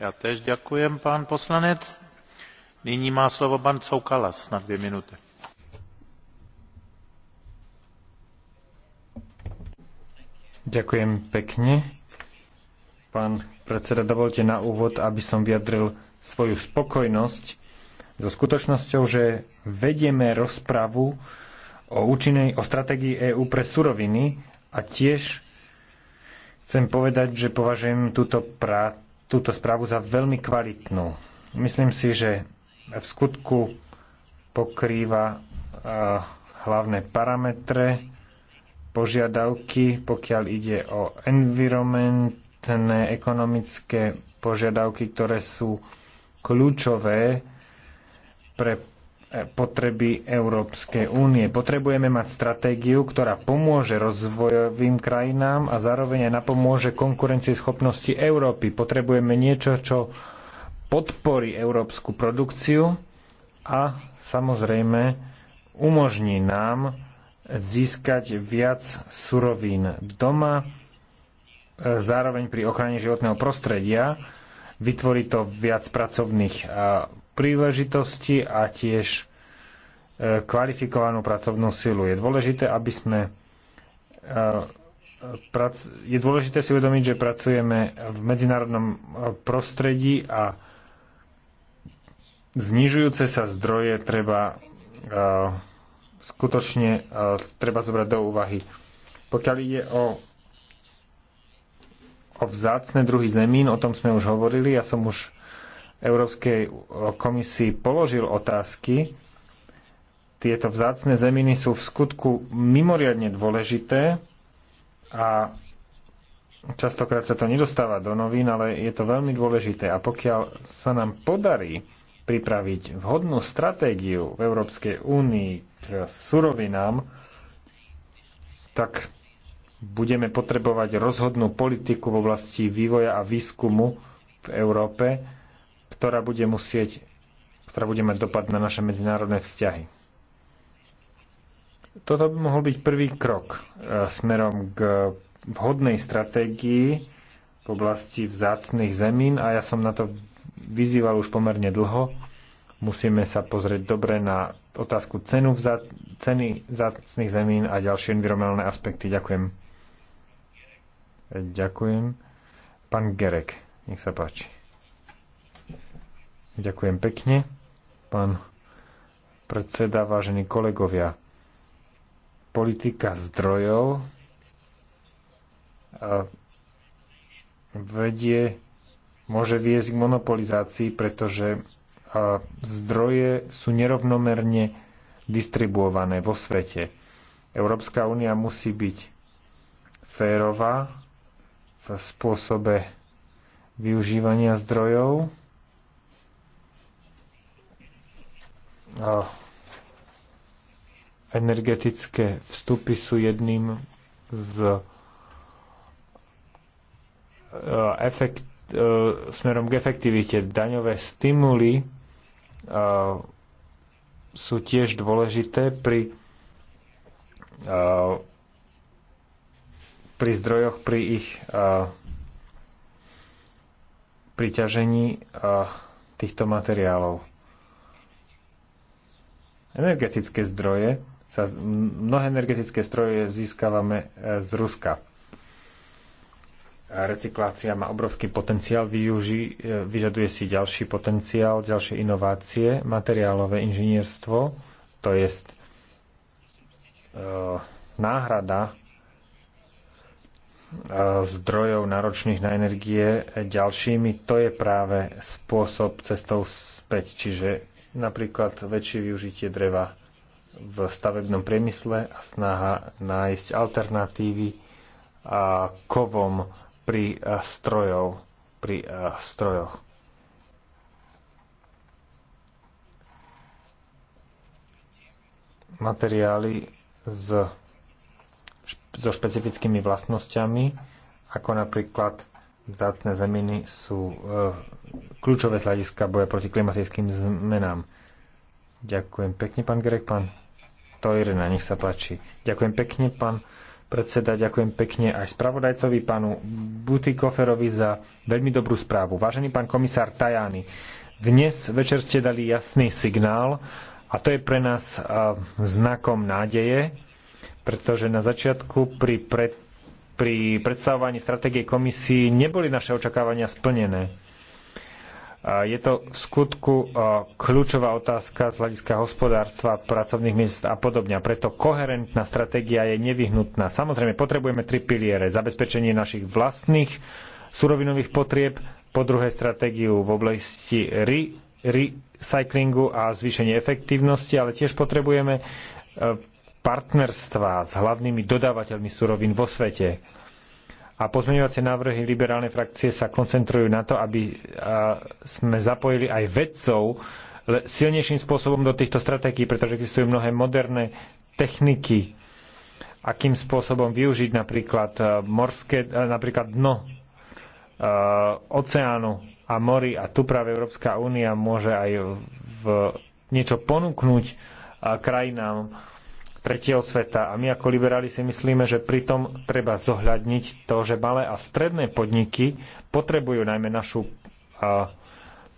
Ja tež ďakujem, pán poslanec. Nyní má slovo pán Coukalas na dve minuty. Ďakujem pekne. Pán predseda, dovolte na úvod, aby som vyjadril svoju spokojnosť so skutočnosťou, že vedieme rozpravu o účinnej, o stratégii EÚ pre suroviny a tiež chcem povedať, že považujem túto prácu túto správu za veľmi kvalitnú. Myslím si, že v skutku pokrýva e, hlavné parametre, požiadavky, pokiaľ ide o environmentné, ekonomické požiadavky, ktoré sú kľúčové pre potreby Európskej únie. Potrebujeme mať stratégiu, ktorá pomôže rozvojovým krajinám a zároveň aj napomôže konkurencieschopnosti Európy. Potrebujeme niečo, čo podporí európsku produkciu a samozrejme umožní nám získať viac surovín doma, e, zároveň pri ochrane životného prostredia, vytvorí to viac pracovných e, príležitosti a tiež e, kvalifikovanú pracovnú silu. Je dôležité, aby sme e, je dôležité si uvedomiť, že pracujeme v medzinárodnom e, prostredí a znižujúce sa zdroje treba skutočne treba zobrať do úvahy. Pokiaľ ide o o vzácne druhy zemín, o tom sme už hovorili, ja som už Európskej komisii položil otázky. Tieto vzácne zeminy sú v skutku mimoriadne dôležité a častokrát sa to nedostáva do novín, ale je to veľmi dôležité. A pokiaľ sa nám podarí pripraviť vhodnú stratégiu v Európskej únii k surovinám, tak budeme potrebovať rozhodnú politiku v oblasti vývoja a výskumu v Európe, ktorá bude musieť, ktorá bude mať dopad na naše medzinárodné vzťahy. Toto by mohol byť prvý krok e, smerom k vhodnej stratégii v oblasti vzácných zemín a ja som na to vyzýval už pomerne dlho. Musíme sa pozrieť dobre na otázku cenu vzá, ceny vzácných zemín a ďalšie environmentálne aspekty. Ďakujem. E, ďakujem. Pán Gerek, nech sa páči. Ďakujem pekne, pán predseda, vážení kolegovia. Politika zdrojov vedie, môže viesť k monopolizácii, pretože zdroje sú nerovnomerne distribuované vo svete. Európska únia musí byť férová v spôsobe využívania zdrojov energetické vstupy sú jedným z e, efekt, e, smerom k efektivite. Daňové stimuly e, sú tiež dôležité pri pri zdrojoch, pri ich priťažení týchto materiálov. Energetické zdroje, sa, mnohé energetické zdroje získavame e, z Ruska. Recyklácia má obrovský potenciál, využi, e, vyžaduje si ďalší potenciál, ďalšie inovácie, materiálové inžinierstvo, to je e, náhrada zdrojov náročných na energie ďalšími, to je práve spôsob cestou späť. Čiže napríklad väčšie využitie dreva v stavebnom priemysle a snaha nájsť alternatívy kovom pri eh, strojov, pri eh, strojoch. Materiály z, so špecifickými vlastnosťami, ako napríklad vzácne zeminy sú e, kľúčové z hľadiska boja proti klimatickým zmenám. Ďakujem pekne, pán Grek, pán Tojrena, nech sa páči. Ďakujem pekne, pán predseda, ďakujem pekne aj spravodajcovi, pánu Butikoferovi za veľmi dobrú správu. Vážený pán komisár Tajani, dnes večer ste dali jasný signál a to je pre nás e, znakom nádeje, pretože na začiatku pri pred pri predstavovaní stratégie komisii neboli naše očakávania splnené. Je to v skutku kľúčová otázka z hľadiska hospodárstva, pracovných miest a podobne. Preto koherentná stratégia je nevyhnutná. Samozrejme, potrebujeme tri piliere. Zabezpečenie našich vlastných surovinových potrieb, po druhé stratégiu v oblasti re- recyklingu a zvýšenie efektívnosti, ale tiež potrebujeme partnerstva s hlavnými dodávateľmi surovín vo svete. A pozmeňovacie návrhy liberálnej frakcie sa koncentrujú na to, aby sme zapojili aj vedcov silnejším spôsobom do týchto stratégií, pretože existujú mnohé moderné techniky, akým spôsobom využiť napríklad e, morské, e, napríklad dno e, oceánu a mori a tu práve Európska únia môže aj v niečo ponúknuť krajinám tretieho sveta. A my ako liberáli si myslíme, že pritom treba zohľadniť to, že malé a stredné podniky potrebujú najmä našu a,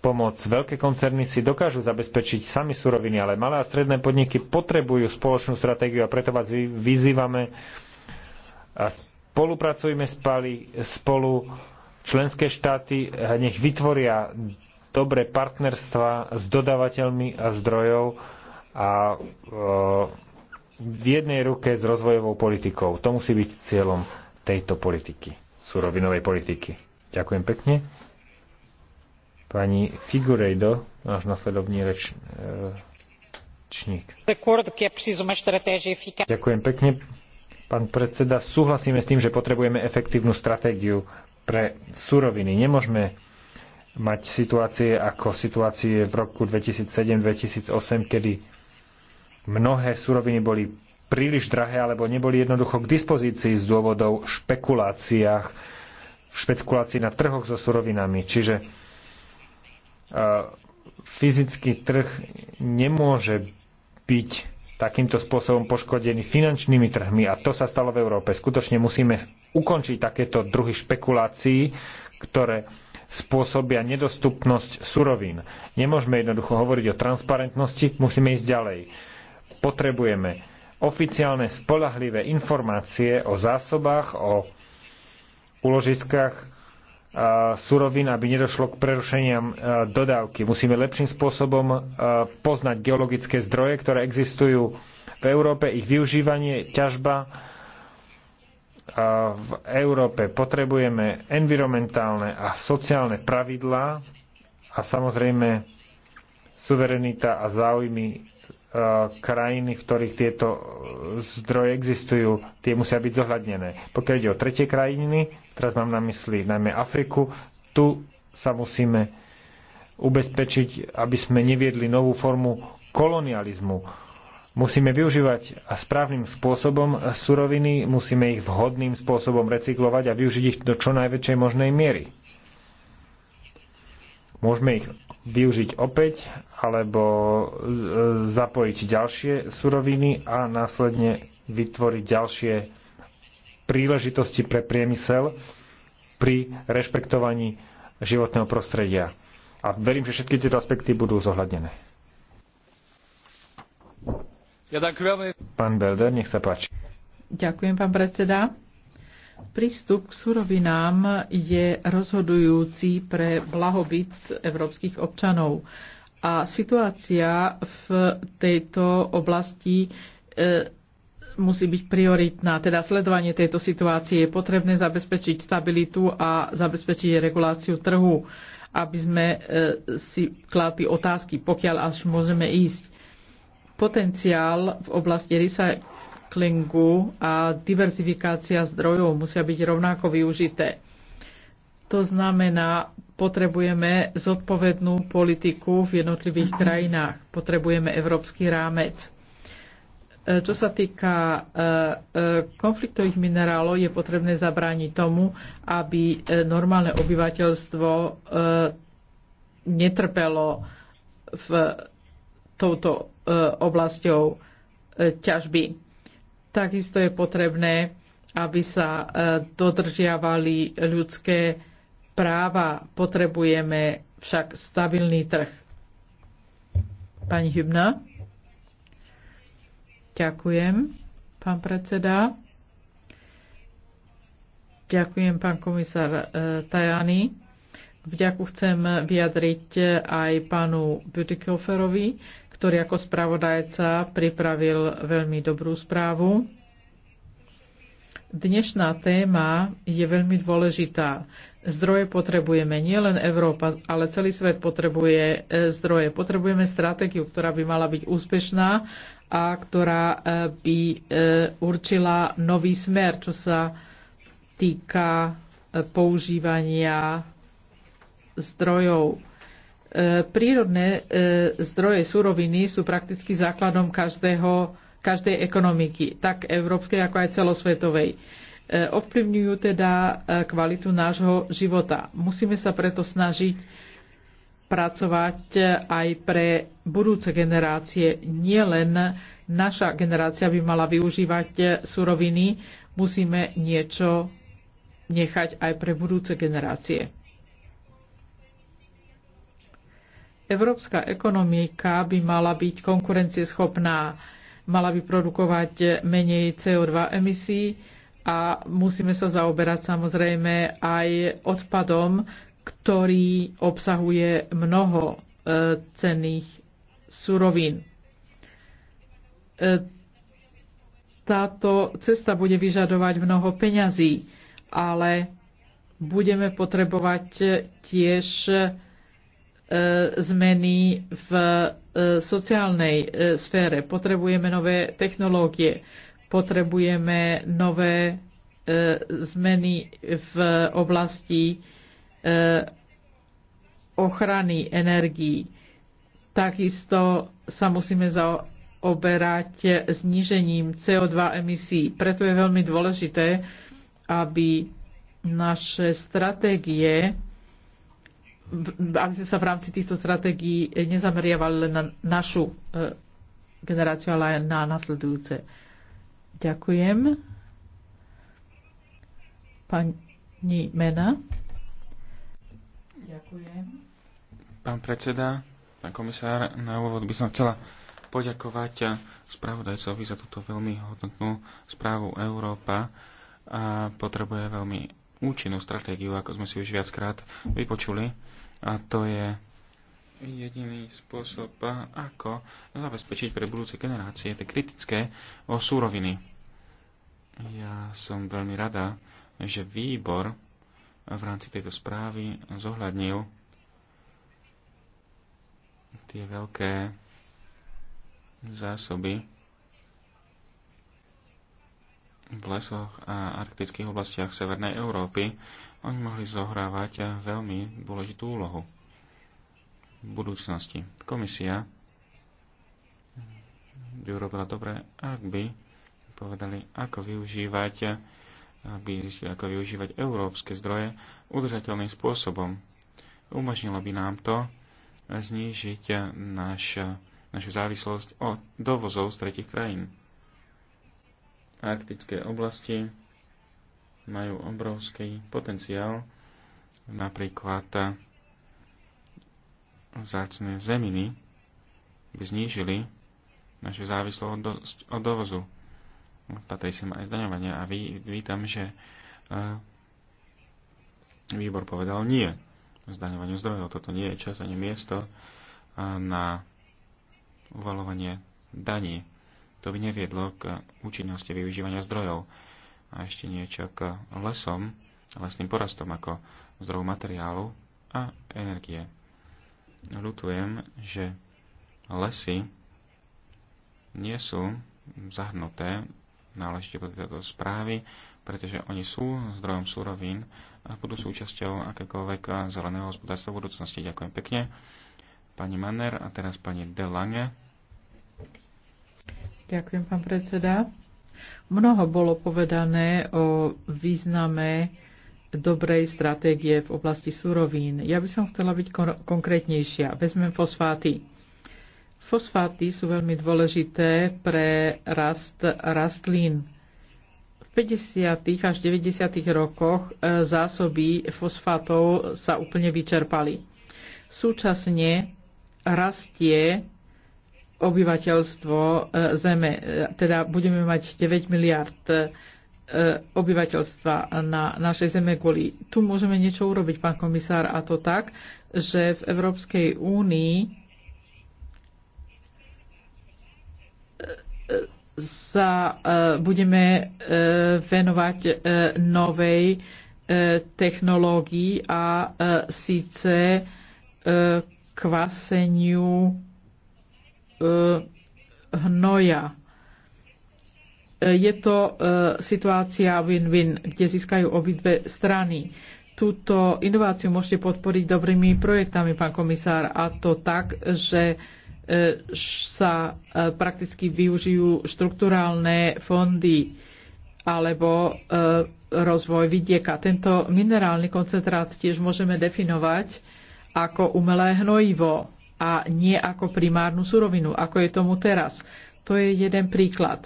pomoc. Veľké koncerny si dokážu zabezpečiť sami suroviny, ale malé a stredné podniky potrebujú spoločnú stratégiu a preto vás vyzývame a spolupracujme spali, spolu členské štáty eh, nech vytvoria dobré partnerstva s dodávateľmi a zdrojov a e, v jednej ruke s rozvojovou politikou. To musí byť cieľom tejto politiky, surovinovej politiky. Ďakujem pekne. Pani Figurejdo, náš nasledovný reč, rečník. Ďakujem pekne. Pán predseda, súhlasíme s tým, že potrebujeme efektívnu stratégiu pre suroviny. Nemôžeme mať situácie ako situácie v roku 2007-2008, kedy mnohé suroviny boli príliš drahé alebo neboli jednoducho k dispozícii z dôvodov špekuláciách, špekulácií na trhoch so surovinami. Čiže e, fyzický trh nemôže byť takýmto spôsobom poškodený finančnými trhmi a to sa stalo v Európe. Skutočne musíme ukončiť takéto druhy špekulácií, ktoré spôsobia nedostupnosť surovín. Nemôžeme jednoducho hovoriť o transparentnosti, musíme ísť ďalej Potrebujeme oficiálne spolahlivé informácie o zásobách, o uložiskách surovín, aby nedošlo k prerušeniam dodávky. Musíme lepším spôsobom poznať geologické zdroje, ktoré existujú v Európe, ich využívanie, ťažba. V Európe potrebujeme environmentálne a sociálne pravidlá a samozrejme suverenita a záujmy Eh, krajiny, v ktorých tieto zdroje existujú, tie musia byť zohľadnené. Pokiaľ ide o tretie krajiny, teraz mám na mysli najmä Afriku, tu sa musíme ubezpečiť, aby sme neviedli novú formu kolonializmu. Musíme využívať správnym spôsobom suroviny, musíme ich vhodným spôsobom recyklovať a využiť ich do čo najväčšej možnej miery. Môžeme ich využiť opäť alebo e, zapojiť ďalšie suroviny a následne vytvoriť ďalšie príležitosti pre priemysel pri rešpektovaní životného prostredia. A verím, že všetky tieto aspekty budú zohľadnené. Ja ďakujem. Pán Belder, nech sa páči. Ďakujem, pán predseda. Prístup k surovinám je rozhodujúci pre blahobyt európskych občanov. A situácia v tejto oblasti e, musí byť prioritná. Teda sledovanie tejto situácie je potrebné zabezpečiť stabilitu a zabezpečiť reguláciu trhu, aby sme e, si kladli otázky, pokiaľ až môžeme ísť. Potenciál v oblasti recyklingu a diverzifikácia zdrojov musia byť rovnako využité. To znamená potrebujeme zodpovednú politiku v jednotlivých krajinách. Potrebujeme európsky rámec. E, čo sa týka e, e, konfliktových minerálov, je potrebné zabrániť tomu, aby normálne obyvateľstvo netrpelo v touto oblasťou ťažby. Takisto je potrebné, aby sa dodržiavali ľudské práva. Potrebujeme však stabilný trh. Pani Hybna, Ďakujem, pán predseda. Ďakujem, pán komisár eh, Tajani. Vďaku chcem vyjadriť eh, aj pánu Butikoferovi, ktorý ako spravodajca pripravil veľmi dobrú správu. Dnešná téma je veľmi dôležitá. Zdroje potrebujeme nielen Európa, ale celý svet potrebuje e, zdroje. Potrebujeme stratégiu, ktorá by mala byť úspešná a ktorá e, by e, určila nový smer, čo sa týka používania zdrojov. Prírodné zdroje suroviny sú prakticky základom každého, každej ekonomiky, tak európskej ako aj celosvetovej E, ovplyvňujú teda e, kvalitu nášho života. Musíme sa preto snažiť pracovať e, aj pre budúce generácie. Nie len naša generácia by mala využívať suroviny, musíme niečo nechať aj pre budúce generácie. Európska ekonomika by mala byť konkurencieschopná, mala by produkovať menej CO2 emisí, a musíme sa zaoberať samozrejme aj odpadom, ktorý obsahuje mnoho e, cenných surovín. E, táto cesta bude vyžadovať mnoho peňazí, ale budeme potrebovať tiež e, zmeny v sociálnej sfére. Potrebujeme nové technológie Potrebujeme nové e, zmeny v oblasti e, ochrany energií. Takisto sa musíme zaoberať znížením CO2 emisí. Preto je veľmi dôležité, aby naše stratégie aby sa v rámci týchto stratégií nezameriavali len na našu e, generáciu, ale aj na nasledujúce. Ďakujem. Pani Mena. Ďakujem. Pán predseda, pán komisár, na úvod by som chcela poďakovať spravodajcovi za túto veľmi hodnotnú správu Európa a potrebuje veľmi účinnú stratégiu, ako sme si už viackrát vypočuli. A to je jediný spôsob, ako zabezpečiť pre budúce generácie tie kritické o súroviny. Ja som veľmi rada, že výbor v rámci tejto správy zohľadnil tie veľké zásoby v lesoch a arktických oblastiach Severnej Európy, oni mohli zohrávať veľmi dôležitú úlohu v budúcnosti. Komisia by urobila dobre, ak by povedali, ako využívať, aby zistili, ako využívať európske zdroje udržateľným spôsobom. Umožnilo by nám to znížiť naš, našu závislosť od dovozov z tretich krajín. Arktické oblasti majú obrovský potenciál, napríklad vzácne zeminy by znížili našu závislosť od, do, od dovozu patrí sem aj zdaňovania a ví, vítam, že e, výbor povedal nie zdaňovaniu zdrojov. Toto nie je čas ani miesto e, na uvalovanie daní. To by neviedlo k účinnosti využívania zdrojov a ešte niečo k lesom, lesným porastom ako zdrojov materiálu a energie. Ľutujem, že lesy nie sú zahrnuté náležite do tejto správy, pretože oni sú zdrojom súrovín a budú súčasťou akékoľvek zeleného hospodárstva v budúcnosti. Ďakujem pekne. Pani Manner a teraz pani De Lange. Ďakujem, pán predseda. Mnoho bolo povedané o význame dobrej stratégie v oblasti surovín. Ja by som chcela byť konkrétnejšia. Vezmem fosfáty. Fosfáty sú veľmi dôležité pre rast rastlín. V 50. až 90. rokoch e, zásoby fosfátov sa úplne vyčerpali. Súčasne rastie obyvateľstvo e, Zeme, e, teda budeme mať 9 miliard obyvateľstva na našej Zeme kvôli. Tu môžeme niečo urobiť, pán komisár, a to tak, že v Európskej únii sa e, budeme e, venovať e, novej technológii a síce kvaseniu hnoja. Je to situácia win-win, kde získajú obidve strany. Túto inováciu môžete podporiť dobrými projektami, pán komisár, a to tak, že E, sa e, prakticky využijú štrukturálne fondy alebo e, rozvoj vidieka. Tento minerálny koncentrát tiež môžeme definovať ako umelé hnojivo a nie ako primárnu surovinu, ako je tomu teraz. To je jeden príklad.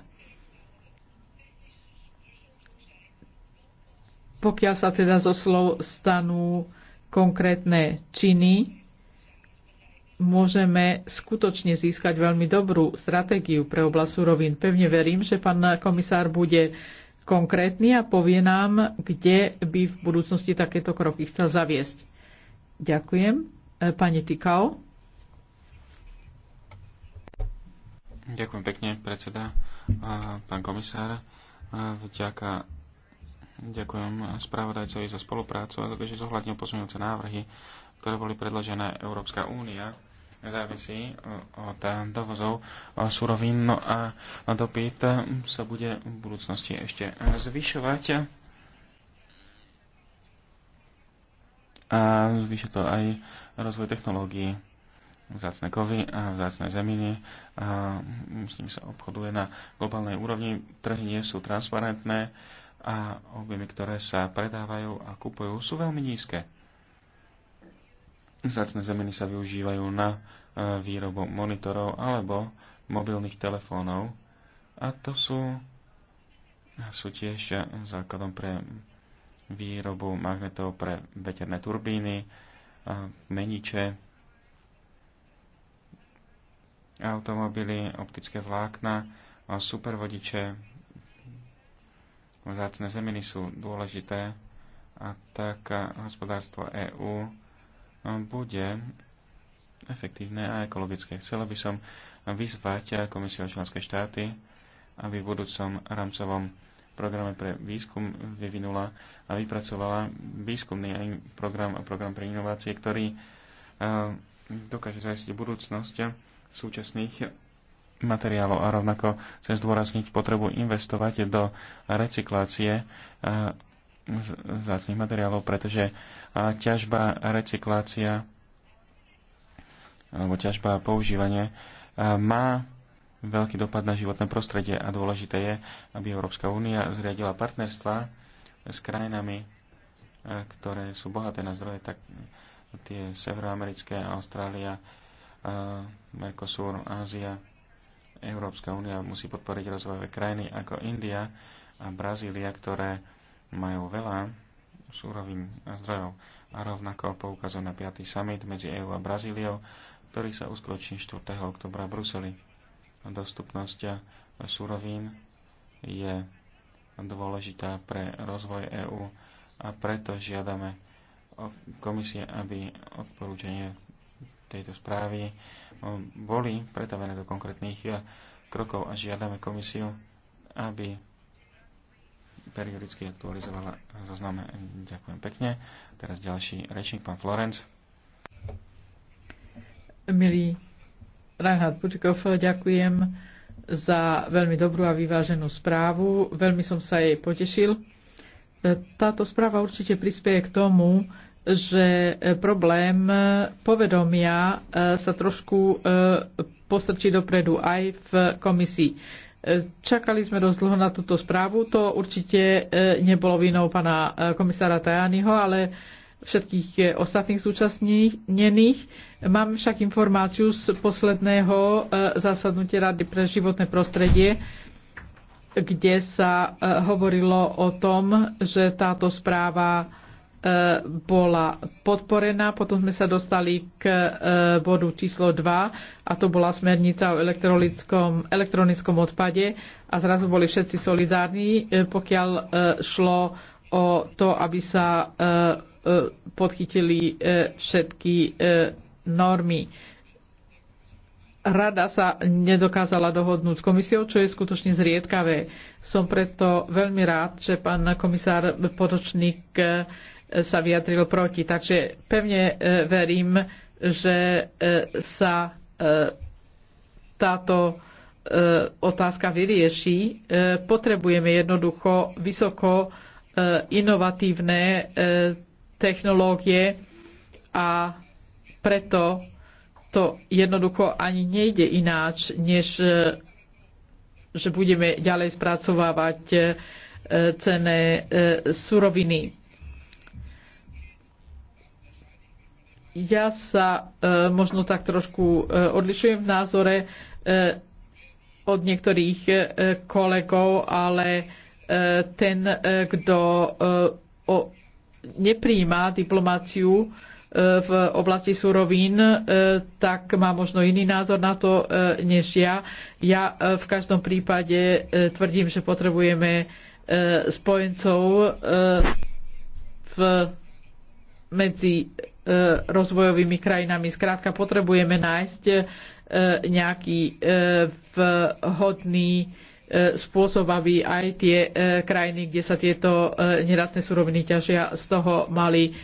Pokiaľ sa teda zo slov stanú konkrétne činy, môžeme skutočne získať veľmi dobrú stratégiu pre oblasť surovín. Pevne verím, že pán komisár bude konkrétny a povie nám, kde by v budúcnosti takéto kroky chcel zaviesť. Ďakujem. E, pani Tikao. Ďakujem pekne, predseda. Pán komisár, vďaka, ďakujem spravodajcovi za spoluprácu a za to, že zohľadnil pozmeňujúce návrhy ktoré boli predložené Európska únia, závisí od dovozov surovín no a dopyt sa bude v budúcnosti ešte zvyšovať. A zvyšuje to aj rozvoj technológií vzácne kovy a vzácne zeminy. A s ním sa obchoduje na globálnej úrovni. Trhy nie sú transparentné a objemy, ktoré sa predávajú a kupujú, sú veľmi nízke. Zácne zeminy sa využívajú na e, výrobu monitorov alebo mobilných telefónov a to sú, sú tiež základom pre výrobu magnetov pre veterné turbíny, e, meniče, automobily, optické vlákna, supervodiče, Zácne zeminy sú dôležité a tak e, hospodárstvo EÚ bude efektívne a ekologické. Chcela by som vyzvať komisiu členské štáty, aby v budúcom rámcovom programe pre výskum vyvinula a vypracovala výskumný program a program pre inovácie, ktorý eh, dokáže zajistiť budúcnosť súčasných materiálov a rovnako chcem zdôrazniť potrebu investovať do recyklácie eh, zácných materiálov, pretože ťažba, recyklácia alebo ťažba a používanie má veľký dopad na životné prostredie a dôležité je, aby Európska únia zriadila partnerstva s krajinami, ktoré sú bohaté na zdroje, tak tie severoamerické, Austrália, Mercosur, Ázia, Európska únia musí podporiť rozvojové krajiny ako India a Brazília, ktoré majú veľa súrovín a zdrojov. A rovnako poukazuje na 5. summit medzi EÚ a Brazíliou, ktorý sa uskutoční 4. oktobra v Bruseli. Dostupnosť súrovín je dôležitá pre rozvoj EÚ a preto žiadame komisie, aby odporúčanie tejto správy um, boli pretavené do konkrétnych krokov a žiadame komisiu, aby periodicky aktualizovala zozname. Ďakujem pekne. Teraz ďalší rečník, pán Florenc. Milý Reinhard Putikov, ďakujem za veľmi dobrú a vyváženú správu. Veľmi som sa jej potešil. Táto správa určite prispieje k tomu, že problém povedomia sa trošku e, postrčí dopredu aj v komisii Čakali sme dosť dlho na túto správu. To určite e, nebolo vinou pána e, komisára Tajaniho, ale všetkých e, ostatných zúčastnených. Mám však informáciu z posledného zasadnutia Rady pre životné prostredie, kde sa hovorilo o tom, že táto správa E, bola podporená. Potom sme sa dostali k e, bodu číslo 2 a to bola smernica o elektronickom, odpade a zrazu boli všetci solidárni, e, pokiaľ šlo o to, aby sa podchytili všetky normy. Rada sa nedokázala dohodnúť s komisiou, čo je skutočne zriedkavé. Som preto veľmi rád, že pán komisár Podočník sa vyjadril proti. Takže pevne e, verím, že e, sa e, táto otázka vyrieši. Potrebujeme jednoducho vysoko inovatívne technológie a preto to jednoducho ani nejde ináč, než že budeme ďalej spracovávať cené suroviny ja sa e, možno tak trošku e, odlišujem v názore e, od niektorých e, kolegov, ale e, ten, e, kto e, o, nepríjma diplomáciu e, v oblasti surovín, e, tak má možno iný názor na to e, než ja. Ja e, v každom prípade e, tvrdím, že potrebujeme e, spojencov e, v, medzi E, rozvojovými krajinami. zkrátka potrebujeme nájsť e, nejaký e, vhodný spôsob, aby aj tie krajiny, kde sa tieto nerastné suroviny ťažia, z toho mali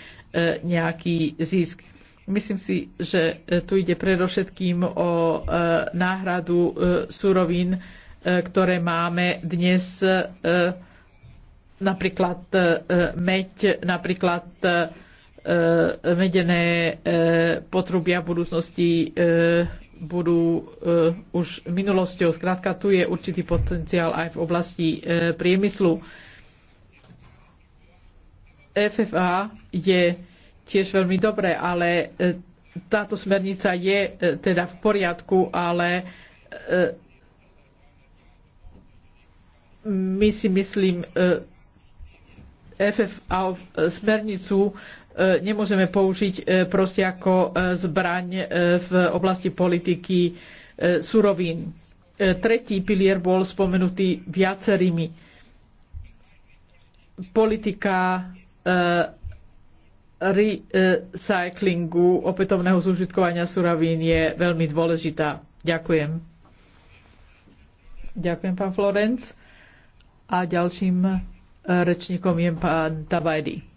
nejaký zisk. Myslím si, že tu ide predovšetkým o náhradu surovín, ktoré máme dnes, napríklad meď, napríklad E, medené e, potrubia v budúcnosti e, budú už minulosťou. zkrátka tu je určitý potenciál aj v oblasti priemyslu. FFA je tiež veľmi dobré, ale táto smernica je teda v poriadku, ale my si myslím, FFA smernicu E, nemôžeme použiť e, proste ako e, zbraň v oblasti politiky surovín. Tretí pilier bol spomenutý viacerými. Politika recyklingu, opätovného zúžitkovania surovín je veľmi dôležitá. Ďakujem. Ďakujem, pán Florenc. A ďalším rečníkom je pán Tavajdy.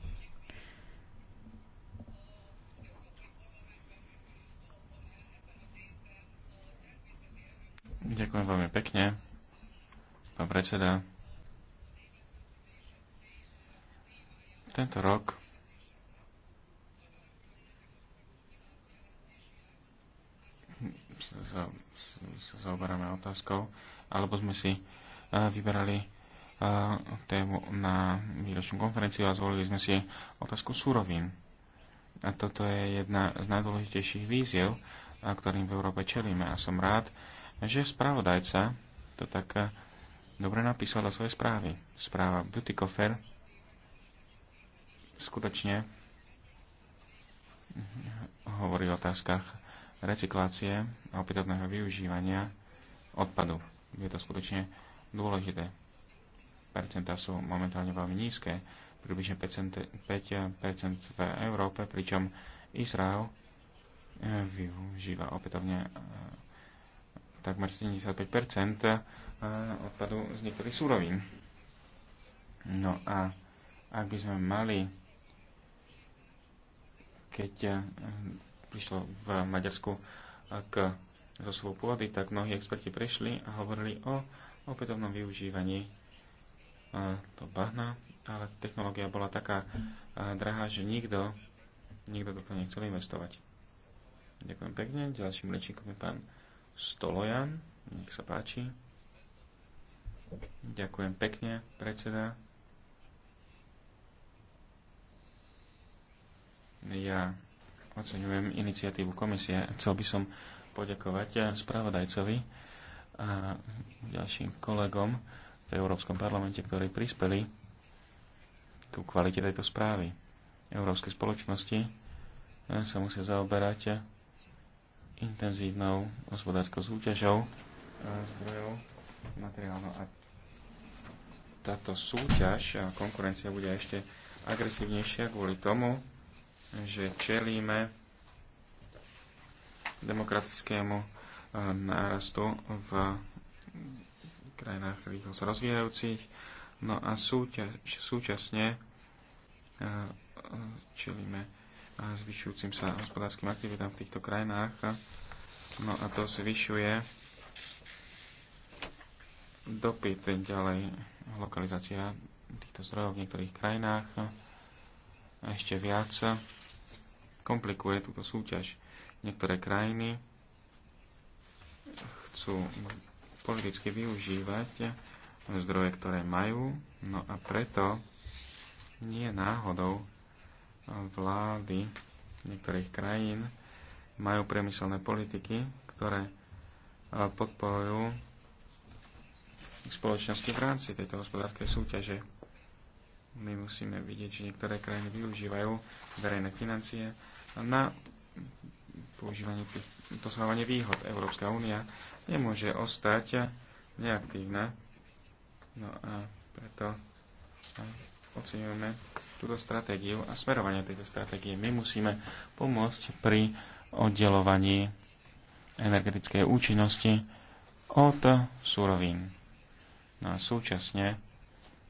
Ďakujem veľmi pekne, pán predseda. Tento rok sa, zaoberáme otázkou, alebo sme si eh, vyberali eh, tému na výročnú konferenciu a zvolili sme si otázku súrovín. A toto je jedna z najdôležitejších víziev, ktorým v Európe čelíme. A som rád, že spravodajca to tak eh, dobre napísal do svojej správy. Správa Beauty Coffer skutočne hovorí o otázkach recyklácie a opätovného využívania odpadu. Je to skutočne dôležité. Percentá sú momentálne veľmi nízke, približne 5%, 5 eh, v Európe, pričom Izrael eh, využíva opätovne takmer 75 eh, odpadu z niektorých súrovín. No a ak by sme mali, keď eh, prišlo v Maďarsku eh, k zosuvu pôdy, tak mnohí experti prešli a hovorili o opätovnom využívaní to bahna, ale technológia bola taká drahá, že nikto, nikto do toho nechcel investovať. Ďakujem pekne. Ďalším rečníkom je pán Stolojan. Nech sa páči. Ďakujem pekne, predseda. Ja oceňujem iniciatívu komisie. Chcel by som poďakovať spravodajcovi a ďalším kolegom v Európskom parlamente, ktorí prispeli ku kvalite tejto správy. Európske spoločnosti sa musia zaoberať intenzívnou hospodárskou súťažou e, zdrojov materiálno a táto súťaž a konkurencia bude ešte agresívnejšia kvôli tomu, že čelíme demokratickému e, nárastu v krajinách rýchlo sa rozvíjajúcich. No a súťaž, súčasne e, čelíme zvyšujúcim sa hospodárskym aktivitám v týchto krajinách. No a to zvyšuje dopyt ďalej lokalizácia týchto zdrojov v niektorých krajinách a ešte viac komplikuje túto súťaž. Niektoré krajiny chcú politicky využívať zdroje, ktoré majú, no a preto nie náhodou vlády niektorých krajín majú priemyselné politiky, ktoré e, podporujú spoločnosti v rámci tejto hospodárskej súťaže. My musíme vidieť, že niektoré krajiny využívajú verejné financie na používanie tých, dosávanie výhod. Európska únia nemôže ostať neaktívna. No a preto oceňujeme túto stratégiu a smerovanie tejto stratégie. My musíme pomôcť pri oddelovaní energetickej účinnosti od súrovín. No a súčasne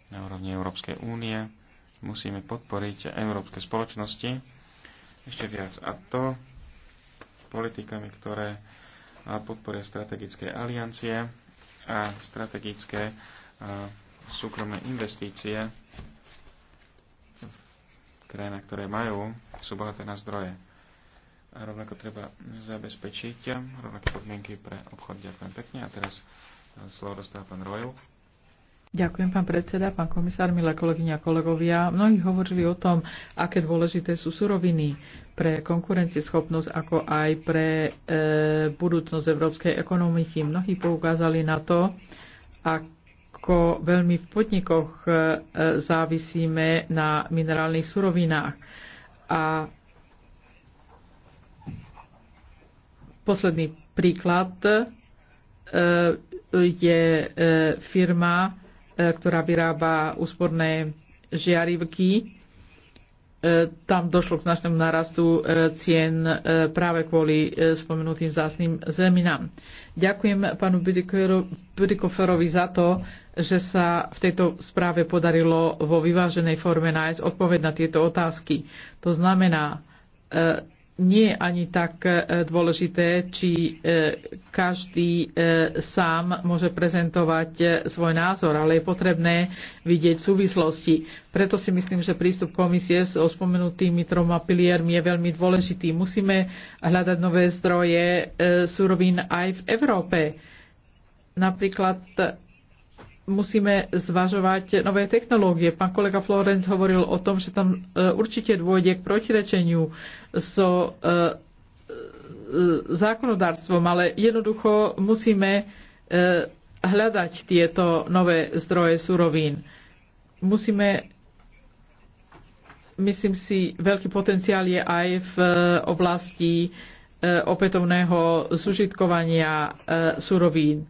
na úrovni Európskej únie musíme podporiť európske spoločnosti ešte viac. A to politikami, ktoré podporia strategické aliancie a strategické súkromné investície krajina, ktoré majú, sú bohaté na zdroje. A rovnako treba zabezpečiť rovnaké podmienky pre obchod. Ďakujem pekne. A teraz e, slovo dostáva pán Rojl. Ďakujem, pán predseda, pán komisár, milé kolegyne a kolegovia. Mnohí hovorili o tom, aké dôležité sú suroviny pre konkurencieschopnosť, ako aj pre e, budúcnosť európskej ekonomiky. Mnohí poukázali na to, ak, ako veľmi v podnikoch e, závisíme na minerálnych surovinách. A posledný príklad e, je e, firma, ktorá vyrába úsporné žiarivky. Tam došlo k značnému narastu cien práve kvôli spomenutým zásným zeminám. Ďakujem pánu Budikoferovi za to, že sa v tejto správe podarilo vo vyváženej forme nájsť odpoveď na tieto otázky. To znamená, e, nie je ani tak e, dôležité, či e, každý e, sám môže prezentovať svoj názor, ale je potrebné vidieť súvislosti. Preto si myslím, že prístup komisie s ospomenutými troma piliermi je veľmi dôležitý. Musíme hľadať nové zdroje surovín aj v Európe. Napríklad musíme zvažovať nové technológie. Pán kolega Florenc hovoril o tom, že tam e, určite dôjde k protirečeniu so e, e, zákonodárstvom, ale jednoducho musíme hľadať tieto nové zdroje surovín. Musíme, myslím si, veľký potenciál je aj v oblasti opätovného zužitkovania surovín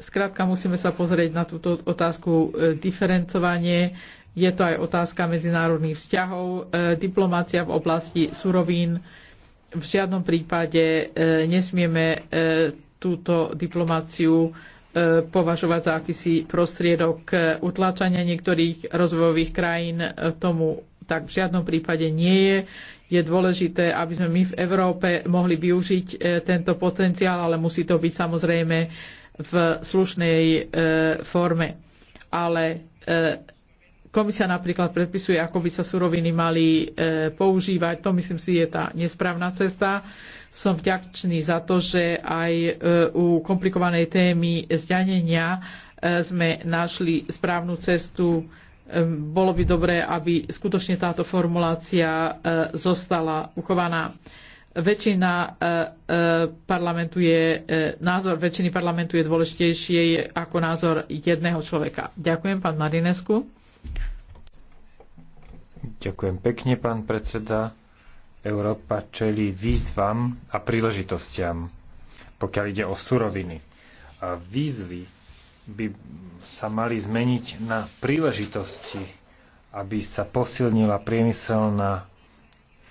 Skrátka musíme sa pozrieť na túto otázku e, diferencovanie. Je to aj otázka medzinárodných vzťahov, e, diplomácia v oblasti surovín. V žiadnom prípade e, nesmieme túto diplomáciu považovať za akýsi prostriedok utláčania niektorých rozvojových krajín. Tomu tak v žiadnom prípade nie je. Je dôležité, aby sme my v Európe mohli využiť tento potenciál, ale musí to byť samozrejme v slušnej e, forme. Ale e, Komisia napríklad predpisuje, ako by sa suroviny mali e, používať. To myslím si je tá nesprávna cesta. Som vďačný za to, že aj e, u komplikovanej témy zdanenia e, sme našli správnu cestu. bolo by dobré, aby skutočne táto formulácia zostala uchovaná väčšina e, e, parlamentu je, e, názor väčšiny parlamentu je dôležitejší ako názor jedného človeka. Ďakujem, pán Marinesku. Ďakujem pekne, pán predseda. Európa čelí výzvam a príležitostiam, pokiaľ ide o suroviny. A výzvy by sa mali zmeniť na príležitosti, aby sa posilnila priemyselná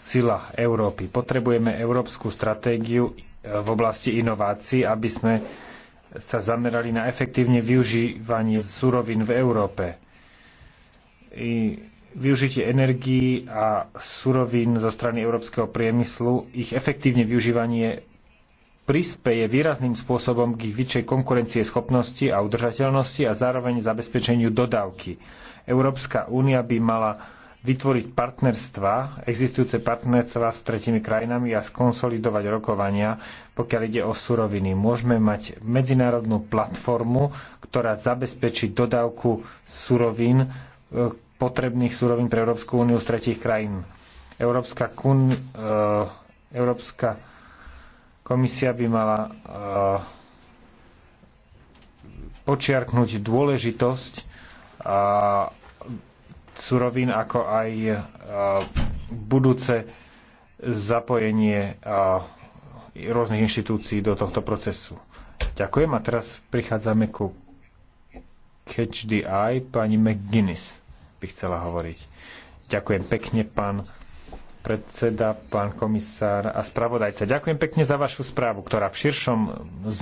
sila Európy. Potrebujeme európsku stratégiu e, v oblasti inovácií, aby sme sa zamerali na efektívne využívanie surovín v Európe. I využitie energií a surovín zo strany európskeho priemyslu, ich efektívne využívanie prispeje výrazným spôsobom k ich väčšej konkurencie schopnosti a udržateľnosti a zároveň zabezpečeniu dodávky. Európska únia by mala vytvoriť partnerstva, existujúce partnerstva s tretimi krajinami a skonsolidovať rokovania, pokiaľ ide o suroviny. Môžeme mať medzinárodnú platformu, ktorá zabezpečí dodávku surovín, e, potrebných surovín pre Európsku úniu z tretich krajín. Európska, kun, e, Európska komisia by mala e, počiarknúť dôležitosť surovín, ako aj e, budúce zapojenie e, rôznych inštitúcií do tohto procesu. Ďakujem a teraz prichádzame ku Catch the Eye. Pani McGuinness by chcela hovoriť. Ďakujem pekne, pán predseda, pán komisár a spravodajca. Ďakujem pekne za vašu správu, ktorá v širšom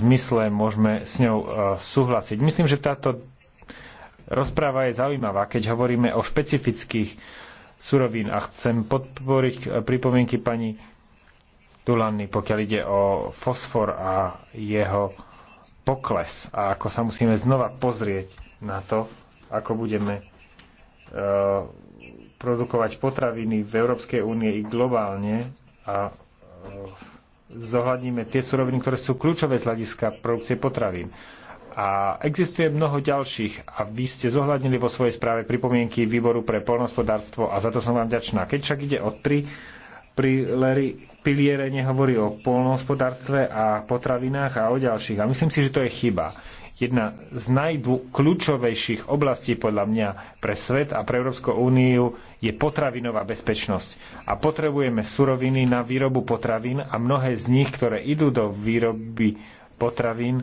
zmysle môžeme s ňou e, súhlasiť. Myslím, že táto Rozpráva je zaujímavá, keď hovoríme o špecifických surovín a chcem podporiť eh, pripomienky pani Dulanny, pokiaľ ide o fosfor a jeho pokles a ako sa musíme znova pozrieť na to, ako budeme eh, produkovať potraviny v Európskej únie i globálne a uh, zohľadníme tie suroviny, ktoré sú kľúčové z hľadiska produkcie potravín a existuje mnoho ďalších a vy ste zohľadnili vo svojej správe pripomienky výboru pre polnospodárstvo a za to som vám ďačná. Keď však ide o tri prilery, piliere, nehovorí o polnohospodárstve a potravinách a o ďalších. A myslím si, že to je chyba. Jedna z najkľúčovejších oblastí podľa mňa pre svet a pre Európsku úniu je potravinová bezpečnosť. A potrebujeme suroviny na výrobu potravín a mnohé z nich, ktoré idú do výroby potravín,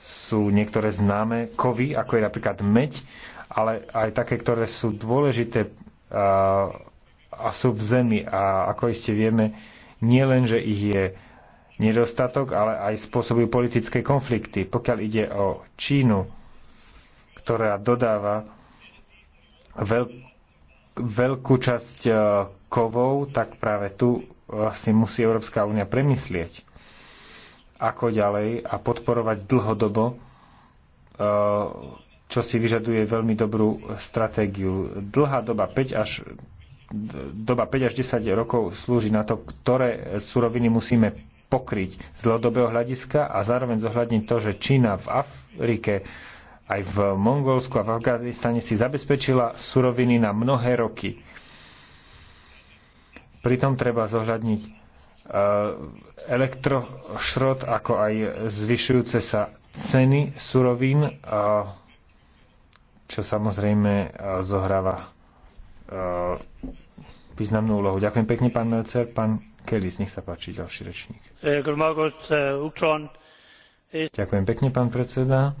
sú niektoré známe kovy, ako je napríklad meď, ale aj také, ktoré sú dôležité a, a sú v zemi. A ako iste vieme, nie len, že ich je nedostatok, ale aj spôsobujú politické konflikty. Pokiaľ ide o Čínu, ktorá dodáva veľk, veľkú časť kovov, tak práve tu si musí Európska únia premyslieť ako ďalej a podporovať dlhodobo, e, čo si vyžaduje veľmi dobrú stratégiu. Dlhá doba 5 až doba 5 až 10 rokov slúži na to, ktoré suroviny musíme pokryť z dlhodobého hľadiska a zároveň zohľadniť to, že Čína v Afrike aj v Mongolsku a v Afganistane si zabezpečila suroviny na mnohé roky. Pritom treba zohľadniť Eh, elektrošrot, ako aj zvyšujúce sa ceny surovín, eh, čo samozrejme eh, zohráva významnú úlohu. Ďakujem pekne, pán Melcer. Pán Kelis, nech sa páči, ďalší rečník. Ďakujem pekne, pán predseda.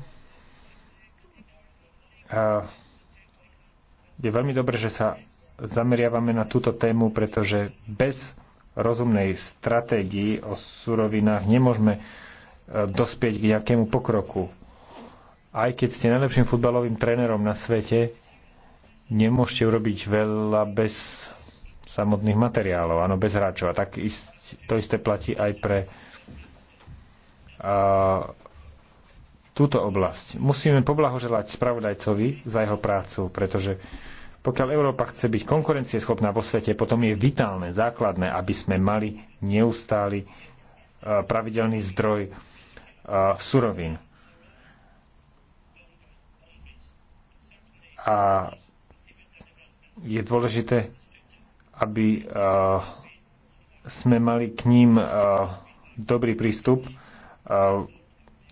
Je veľmi dobré, že sa zameriavame na túto tému, pretože bez rozumnej stratégii o surovinách nemôžeme e, dospieť k nejakému pokroku. Aj keď ste najlepším futbalovým trénerom na svete, nemôžete urobiť veľa bez samotných materiálov, áno, bez hráčov. A tak ist, to isté platí aj pre a, túto oblasť. Musíme poblahoželať spravodajcovi za jeho prácu, pretože pokiaľ Európa chce byť konkurencieschopná vo svete, potom je vitálne, základné, aby sme mali neustály e, pravidelný zdroj e, surovín. A je dôležité, aby e, sme mali k ním dobrý prístup.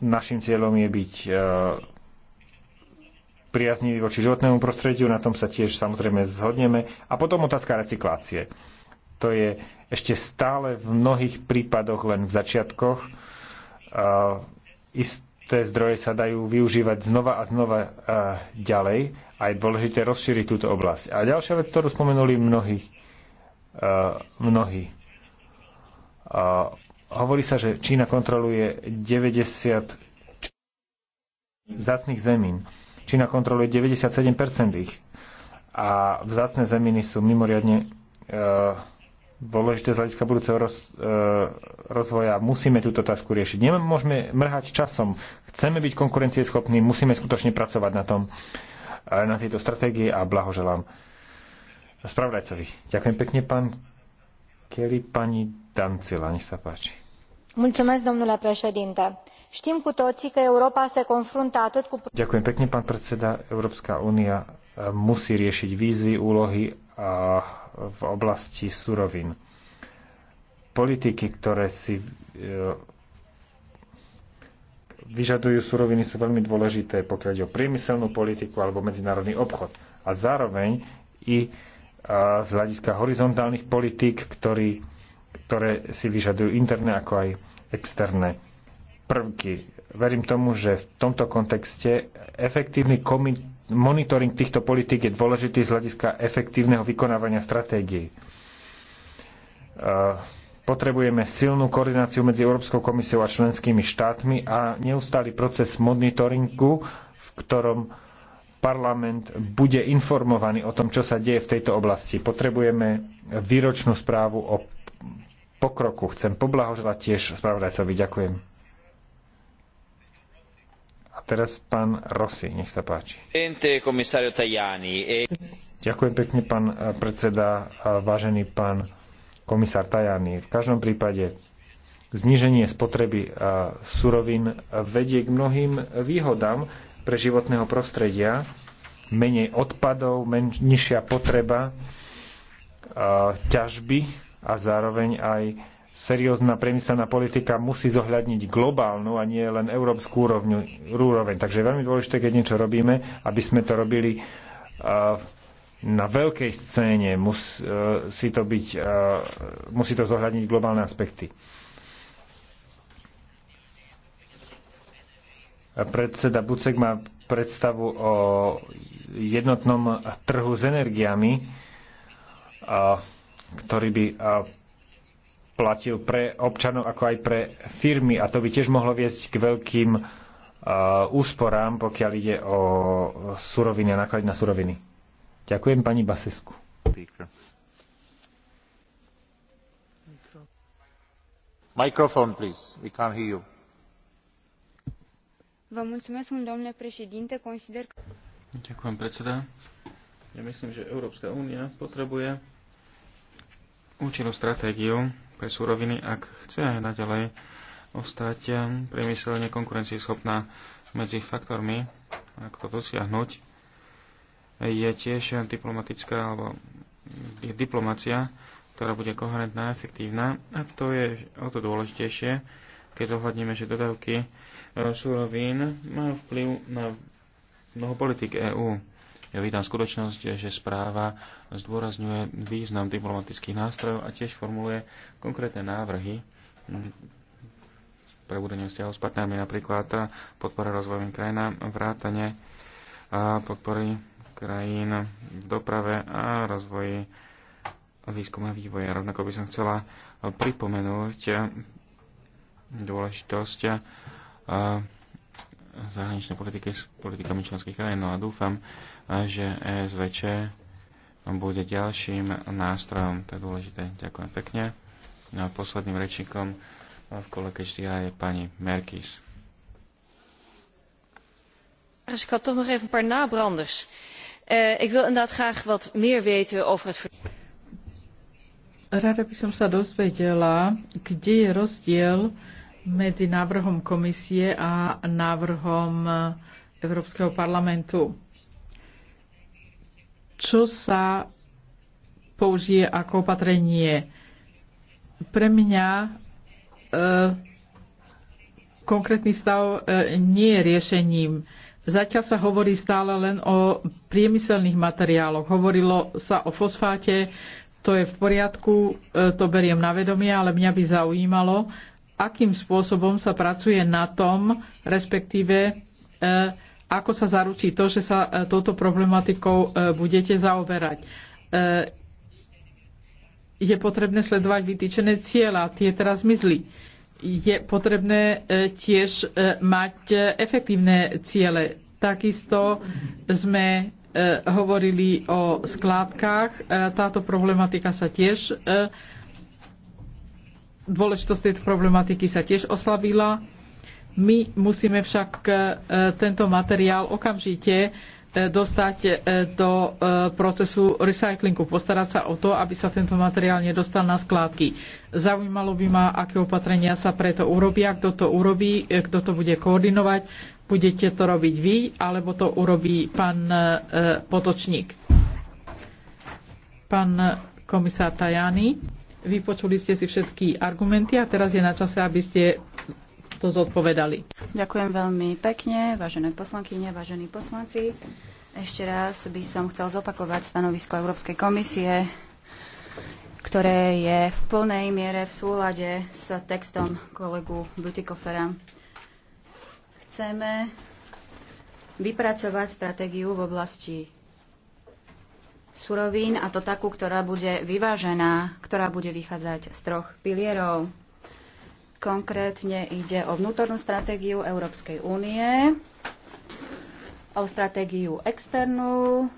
Našim cieľom je byť priaznivý voči životnému prostrediu, na tom sa tiež samozrejme zhodneme. A potom otázka recyklácie. To je ešte stále v mnohých prípadoch len v začiatkoch. Uh, isté zdroje sa dajú využívať znova a znova uh, ďalej a je dôležité rozšíriť túto oblasť. A ďalšia vec, ktorú spomenuli mnohí, uh, mnohí. Uh, hovorí sa, že Čína kontroluje 90 zácných zemín. Čína kontroluje 97% ich. A vzácne zeminy sú mimoriadne e, dôležité z hľadiska budúceho roz, e, rozvoja. Musíme túto otázku riešiť. Nemôžeme mrhať časom. Chceme byť konkurencieschopní, musíme skutočne pracovať na tom, e, na tejto stratégie a blahoželám spravodajcovi. Ďakujem pekne, pán Kelly, pani Dancila, nech sa páči tim cu toii că európa se confruntă atât cu. Ďakujem pekne, pán predseda. Európska únia eh, musí riešiť výzvy, úlohy a v oblasti surovín. Politiky, ktoré si eh, vyžadujú suroviny, sú veľmi dôležité, pokiaľ ide o priemyselnú politiku alebo medzinárodný obchod. A zároveň i eh, z hľadiska horizontálnych politík, ktorí ktoré si vyžadujú interné ako aj externé prvky. Verím tomu, že v tomto kontexte efektívny monitoring týchto politík je dôležitý z hľadiska efektívneho vykonávania stratégií. E, potrebujeme silnú koordináciu medzi Európskou komisiou a členskými štátmi a neustály proces monitoringu, v ktorom parlament bude informovaný o tom, čo sa deje v tejto oblasti. Potrebujeme výročnú správu o pokroku. Chcem poblahoželať tiež spravodajcovi. Ďakujem. A teraz pán Rossi, nech sa páči. E- Ďakujem pekne, pán e, predseda, vážený pán komisár Tajani. V každom prípade zníženie spotreby e, surovín vedie k mnohým výhodám pre životného prostredia, menej odpadov, menšia potreba ťažby a zároveň aj seriózna priemyselná politika musí zohľadniť globálnu a nie len európsku úrovňu, úroveň. Takže je veľmi dôležité, keď niečo robíme, aby sme to robili e, na veľkej scéne. Musí e, to, byť, e, musí to zohľadniť globálne aspekty. Predseda Bucek má predstavu o jednotnom trhu s energiami. A ktorý by platil pre občanov ako aj pre firmy a to by tiež mohlo viesť k veľkým úsporám, pokiaľ ide o suroviny a náklady na suroviny. Ďakujem pani Basisku. Microphone, please. We can't hear you. Vă mulțumesc, domnule președinte. Consider că... Ďakujem, predseda. Ja myslím, že Európska únia potrebuje účinnú stratégiu pre súroviny, ak chce aj naďalej ostať eh, priemyselne konkurencieschopná medzi faktormi, ak to dosiahnuť, je tiež eh, diplomatická alebo je diplomácia, ktorá bude koherentná a efektívna. A to je o to dôležitejšie, keď zohľadníme, že dodávky eh, súrovín majú vplyv na mnoho politik EÚ ja vítam skutočnosť, že správa zdôrazňuje význam diplomatických nástrojov a tiež formuluje konkrétne návrhy pre budenie vzťahov s partnermi, napríklad podpora rozvojovým krajinám, vrátane a podpory krajín v doprave a rozvoji výskuma a vývoja. Rovnako by som chcela pripomenúť dôležitosť zahraničnej politiky s politikami členských krajín. No a dúfam, a že ESVČ bude ďalším nástrojom. To je dôležité. Ďakujem pekne. No a posledným rečníkom v kole KHDA je pani Merkis. ik had toch nog even een paar nabranders. Uh, ik wil inderdaad graag wat meer weten over het Rada by som sa dozvedela, kde je rozdiel medzi návrhom komisie a návrhom eh, Európskeho parlamentu čo sa použije ako opatrenie. Pre mňa e, konkrétny stav e, nie je riešením. Zatiaľ sa hovorí stále len o priemyselných materiáloch. Hovorilo sa o fosfáte, to je v poriadku, e, to beriem na vedomie, ale mňa by zaujímalo, akým spôsobom sa pracuje na tom, respektíve e, ako sa zaručí to, že sa e, touto problematikou e, budete zaoberať? E, je potrebné sledovať vytýčené cieľa, tie teraz zmizli. Je potrebné tiež mať efektívne ciele. Takisto sme hovorili o skládkach. Táto problematika sa tiež dôležitosť tejto problematiky sa tiež oslabila my musíme však e, e, tento materiál okamžite e, dostať do procesu recyklingu, postarať sa o to, aby sa tento materiál nedostal na skládky. Zaujímalo by ma, aké opatrenia sa preto urobia, kto to urobí, kto to bude koordinovať. Budete to robiť vy, alebo to urobí pán Potočník. Pán komisár Tajani, vypočuli ste si všetky argumenty a teraz je na čase, aby ste to zodpovedali. Ďakujem veľmi pekne, vážené poslankyne, vážení poslanci. Ešte raz by som chcel zopakovať stanovisko Európskej komisie, ktoré je v plnej miere v súlade s textom kolegu Butikofera. Chceme vypracovať stratégiu v oblasti surovín, a to takú, ktorá bude vyvážená, ktorá bude vychádzať z troch pilierov – Konkrétne ide o vnútornú stratégiu Európskej únie, o stratégiu externú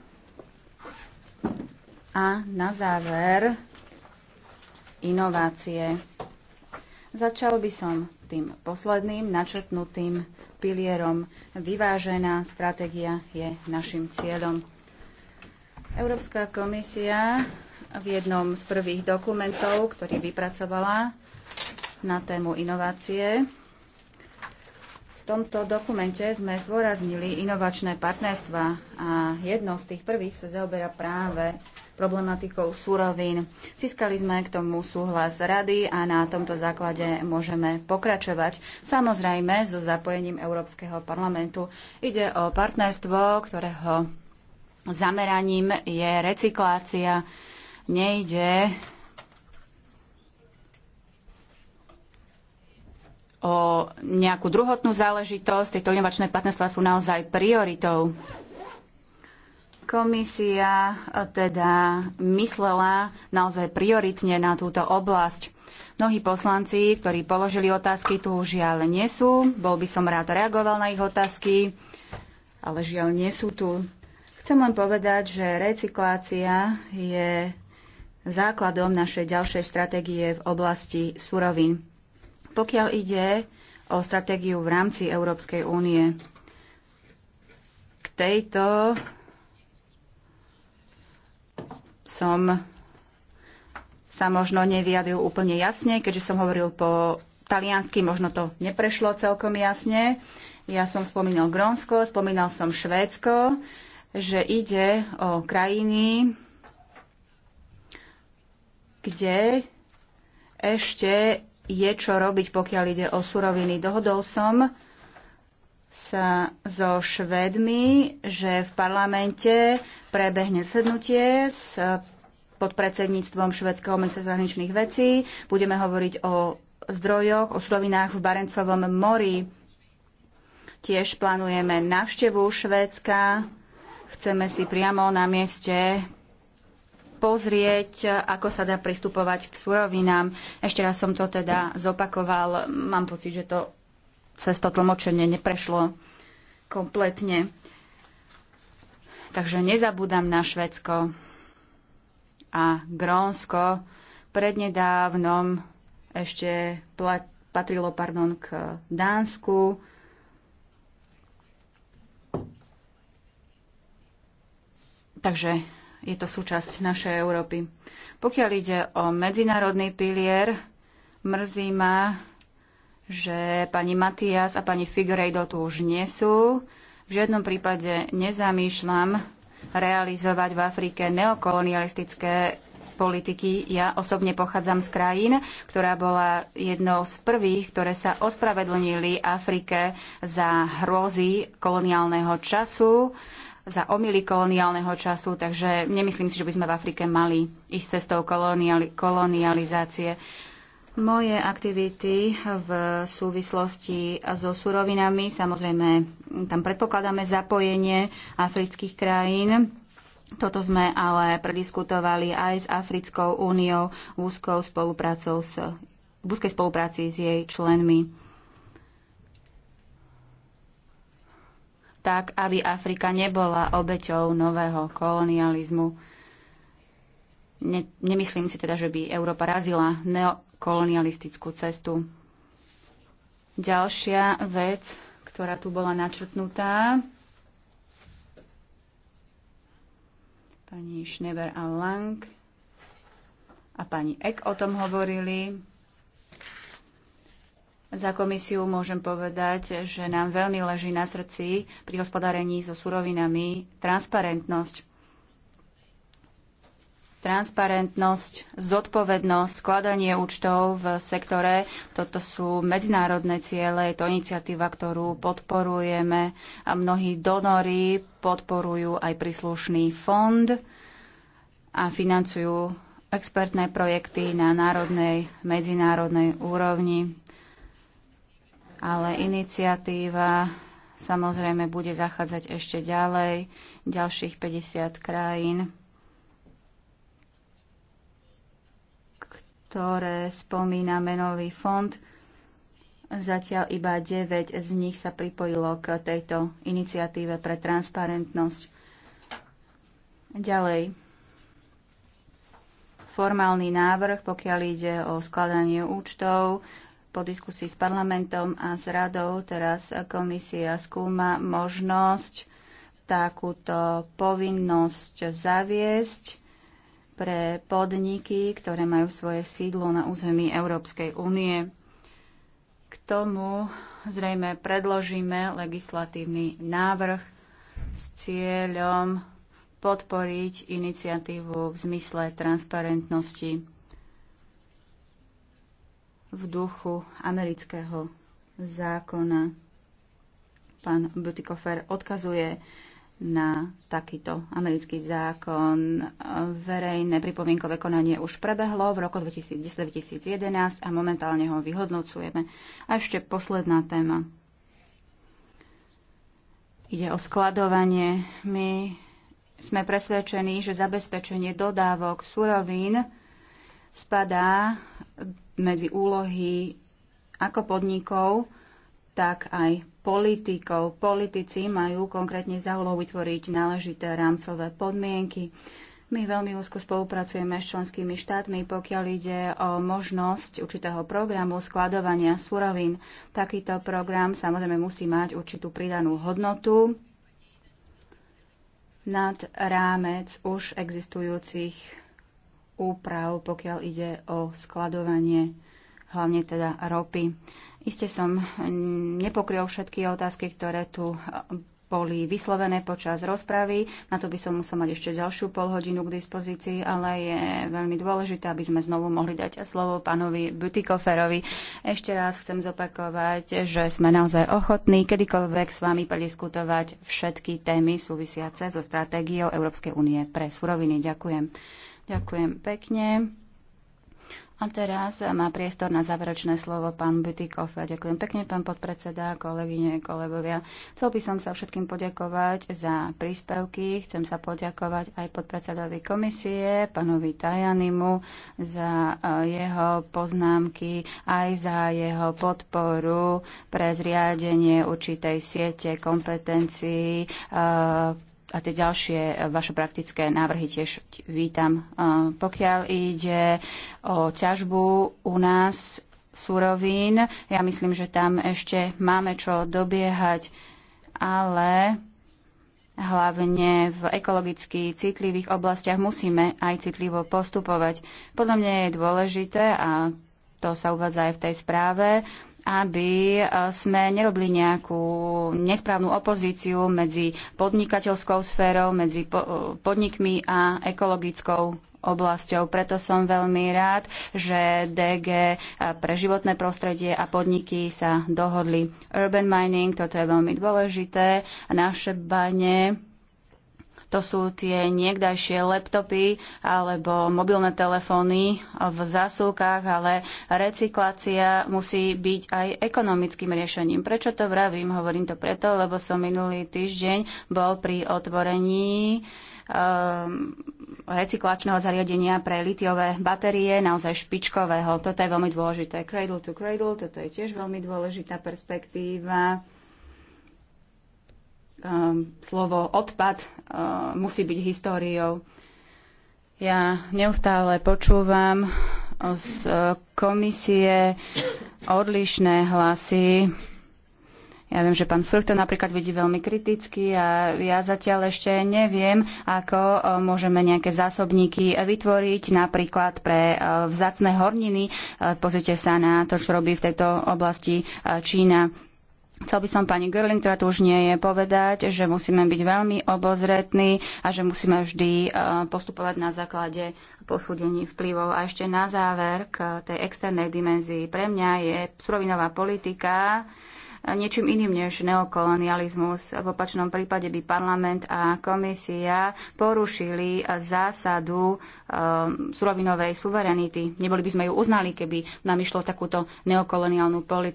a na záver inovácie. Začal by som tým posledným načrtnutým pilierom. Vyvážená stratégia je našim cieľom. Európska komisia v jednom z prvých dokumentov, ktorý vypracovala, na tému inovácie. V tomto dokumente sme zdôraznili inovačné partnerstva a jedno z tých prvých sa zaoberá práve problematikou surovín. Získali sme k tomu súhlas rady a na tomto základe môžeme pokračovať, samozrejme so zapojením Európskeho parlamentu. Ide o partnerstvo, ktorého zameraním je recyklácia. Nejde o nejakú druhotnú záležitosť. Tieto inovačné partnerstvá sú naozaj prioritou. Komisia eh, teda myslela naozaj prioritne na túto oblasť. Mnohí poslanci, ktorí položili otázky, tu žiaľ nie sú. Bol by som rád reagoval na ich otázky, ale žiaľ nie sú tu. Chcem len povedať, že recyklácia je základom našej ďalšej stratégie v oblasti surovín pokiaľ ide o stratégiu v rámci Európskej únie. K tejto som sa možno nevyjadril úplne jasne, keďže som hovoril po taliansky, možno to neprešlo celkom jasne. Ja som spomínal Grónsko, spomínal som Švédsko, že ide o krajiny, kde ešte je čo robiť, pokiaľ ide o suroviny. Dohodol som sa so Švedmi, že v parlamente prebehne sednutie s pod predsedníctvom Švedského ministerstva zahraničných vecí. Budeme hovoriť o zdrojoch, o surovinách v Barencovom mori. Tiež plánujeme návštevu Švédska. Chceme si priamo na mieste pozrieť, ako sa dá pristupovať k surovinám. Ešte raz som to teda zopakoval. Mám pocit, že to cez to tlmočenie neprešlo kompletne. Takže nezabúdam na Švedsko a Grónsko. Prednedávnom ešte patrilo pardon, k Dánsku. Takže je to súčasť našej Európy. Pokiaľ ide o medzinárodný pilier, mrzí ma, že pani Matias a pani Figueiredo tu už nie sú. V žiadnom prípade nezamýšľam realizovať v Afrike neokolonialistické politiky. Ja osobne pochádzam z krajín, ktorá bola jednou z prvých, ktoré sa ospravedlnili Afrike za hrozy koloniálneho času za omily koloniálneho času, takže nemyslím si, že by sme v Afrike mali ísť cestou koloniali- kolonializácie. Moje aktivity v súvislosti so surovinami, samozrejme, tam predpokladáme zapojenie afrických krajín. Toto sme ale prediskutovali aj s Africkou úniou v, úzkou úzkej spolupráci s jej členmi. tak, aby Afrika nebola obeťou nového kolonializmu. Ne, nemyslím si teda, že by Európa razila neokolonialistickú cestu. Ďalšia vec, ktorá tu bola načrtnutá, pani Schneber a Lang a pani Ek o tom hovorili. Za komisiu môžem povedať, že nám veľmi leží na srdci pri hospodárení so surovinami transparentnosť. Transparentnosť, zodpovednosť, skladanie účtov v sektore, toto sú medzinárodné ciele, je to iniciatíva, ktorú podporujeme a mnohí donory podporujú aj príslušný fond a financujú expertné projekty na národnej, medzinárodnej úrovni ale iniciatíva samozrejme bude zachádzať ešte ďalej, ďalších 50 krajín, ktoré spomína menový fond. Zatiaľ iba 9 z nich sa pripojilo k tejto iniciatíve pre transparentnosť. Ďalej. Formálny návrh, pokiaľ ide o skladanie účtov, po diskusii s parlamentom a s radou teraz komisia skúma možnosť takúto povinnosť zaviesť pre podniky, ktoré majú svoje sídlo na území Európskej únie. K tomu zrejme predložíme legislatívny návrh s cieľom podporiť iniciatívu v zmysle transparentnosti v duchu amerického zákona. Pán Butikofer odkazuje na takýto americký zákon. Verejné pripomienkové konanie už prebehlo v roku 2010-2011 a momentálne ho vyhodnocujeme. A ešte posledná téma. Ide o skladovanie. My sme presvedčení, že zabezpečenie dodávok surovín spadá medzi úlohy ako podnikov, tak aj politikov. Politici majú konkrétne za úlohu vytvoriť náležité rámcové podmienky. My veľmi úzko spolupracujeme s členskými štátmi, pokiaľ ide o možnosť určitého programu skladovania surovín. Takýto program samozrejme musí mať určitú pridanú hodnotu nad rámec už existujúcich úprav, pokiaľ ide o skladovanie hlavne teda ropy. Iste som nepokryl všetky otázky, ktoré tu boli vyslovené počas rozpravy. Na to by som musel mať ešte ďalšiu polhodinu k dispozícii, ale je veľmi dôležité, aby sme znovu mohli dať slovo pánovi Butikoferovi. Ešte raz chcem zopakovať, že sme naozaj ochotní kedykoľvek s vami prediskutovať všetky témy súvisiace so stratégiou Európskej únie pre suroviny. Ďakujem. Ďakujem pekne. A teraz má priestor na záverečné slovo pán Butikov. Ďakujem pekne, pán podpredseda, kolegyne, kolegovia. Chcel by som sa všetkým poďakovať za príspevky. Chcem sa poďakovať aj podpredsedovi komisie, pánovi Tajanimu, za e, jeho poznámky, aj za jeho podporu pre zriadenie určitej siete kompetencií e, a tie ďalšie e, vaše praktické návrhy tiež vítam. E, pokiaľ ide o ťažbu u nás surovín, ja myslím, že tam ešte máme čo dobiehať, ale hlavne v ekologicky citlivých oblastiach musíme aj citlivo postupovať. Podľa mňa je dôležité, a to sa uvádza aj v tej správe, aby e, sme nerobili nejakú nesprávnu opozíciu medzi podnikateľskou sférou, medzi e, podnikmi a ekologickou oblasťou. Preto som veľmi rád, že DG e, pre životné prostredie a podniky sa dohodli. Urban mining, toto je veľmi dôležité. Naše bane to sú tie niekdajšie laptopy alebo mobilné telefóny v zásuvkách, ale recyklácia musí byť aj ekonomickým riešením. Prečo to vravím? Hovorím to preto, lebo som minulý týždeň bol pri otvorení ehm, recyklačného zariadenia pre litiové batérie, naozaj špičkového. Toto je veľmi dôležité. Cradle to cradle, toto je tiež veľmi dôležitá perspektíva. Ehm, slovo odpad ehm, musí byť históriou. Ja neustále počúvam z e, komisie odlišné hlasy. Ja viem, že pán Furk to napríklad vidí veľmi kriticky a ja zatiaľ ešte neviem, ako e, môžeme nejaké zásobníky vytvoriť, napríklad pre e, vzácne horniny. Pozrite sa na to, čo robí v tejto oblasti Čína. Chcel by som pani Görling, ktorá tu už nie je, povedať, že musíme byť veľmi obozretní a že musíme vždy e, postupovať na základe posúdení vplyvov. A ešte na záver k tej externej dimenzii. Pre mňa je surovinová politika e, niečím iným než neokolonializmus. V opačnom prípade by parlament a komisia porušili zásadu um, surovinovej suverenity. Neboli by sme ju uznali, keby nám išlo takúto neokoloniálnu politiku.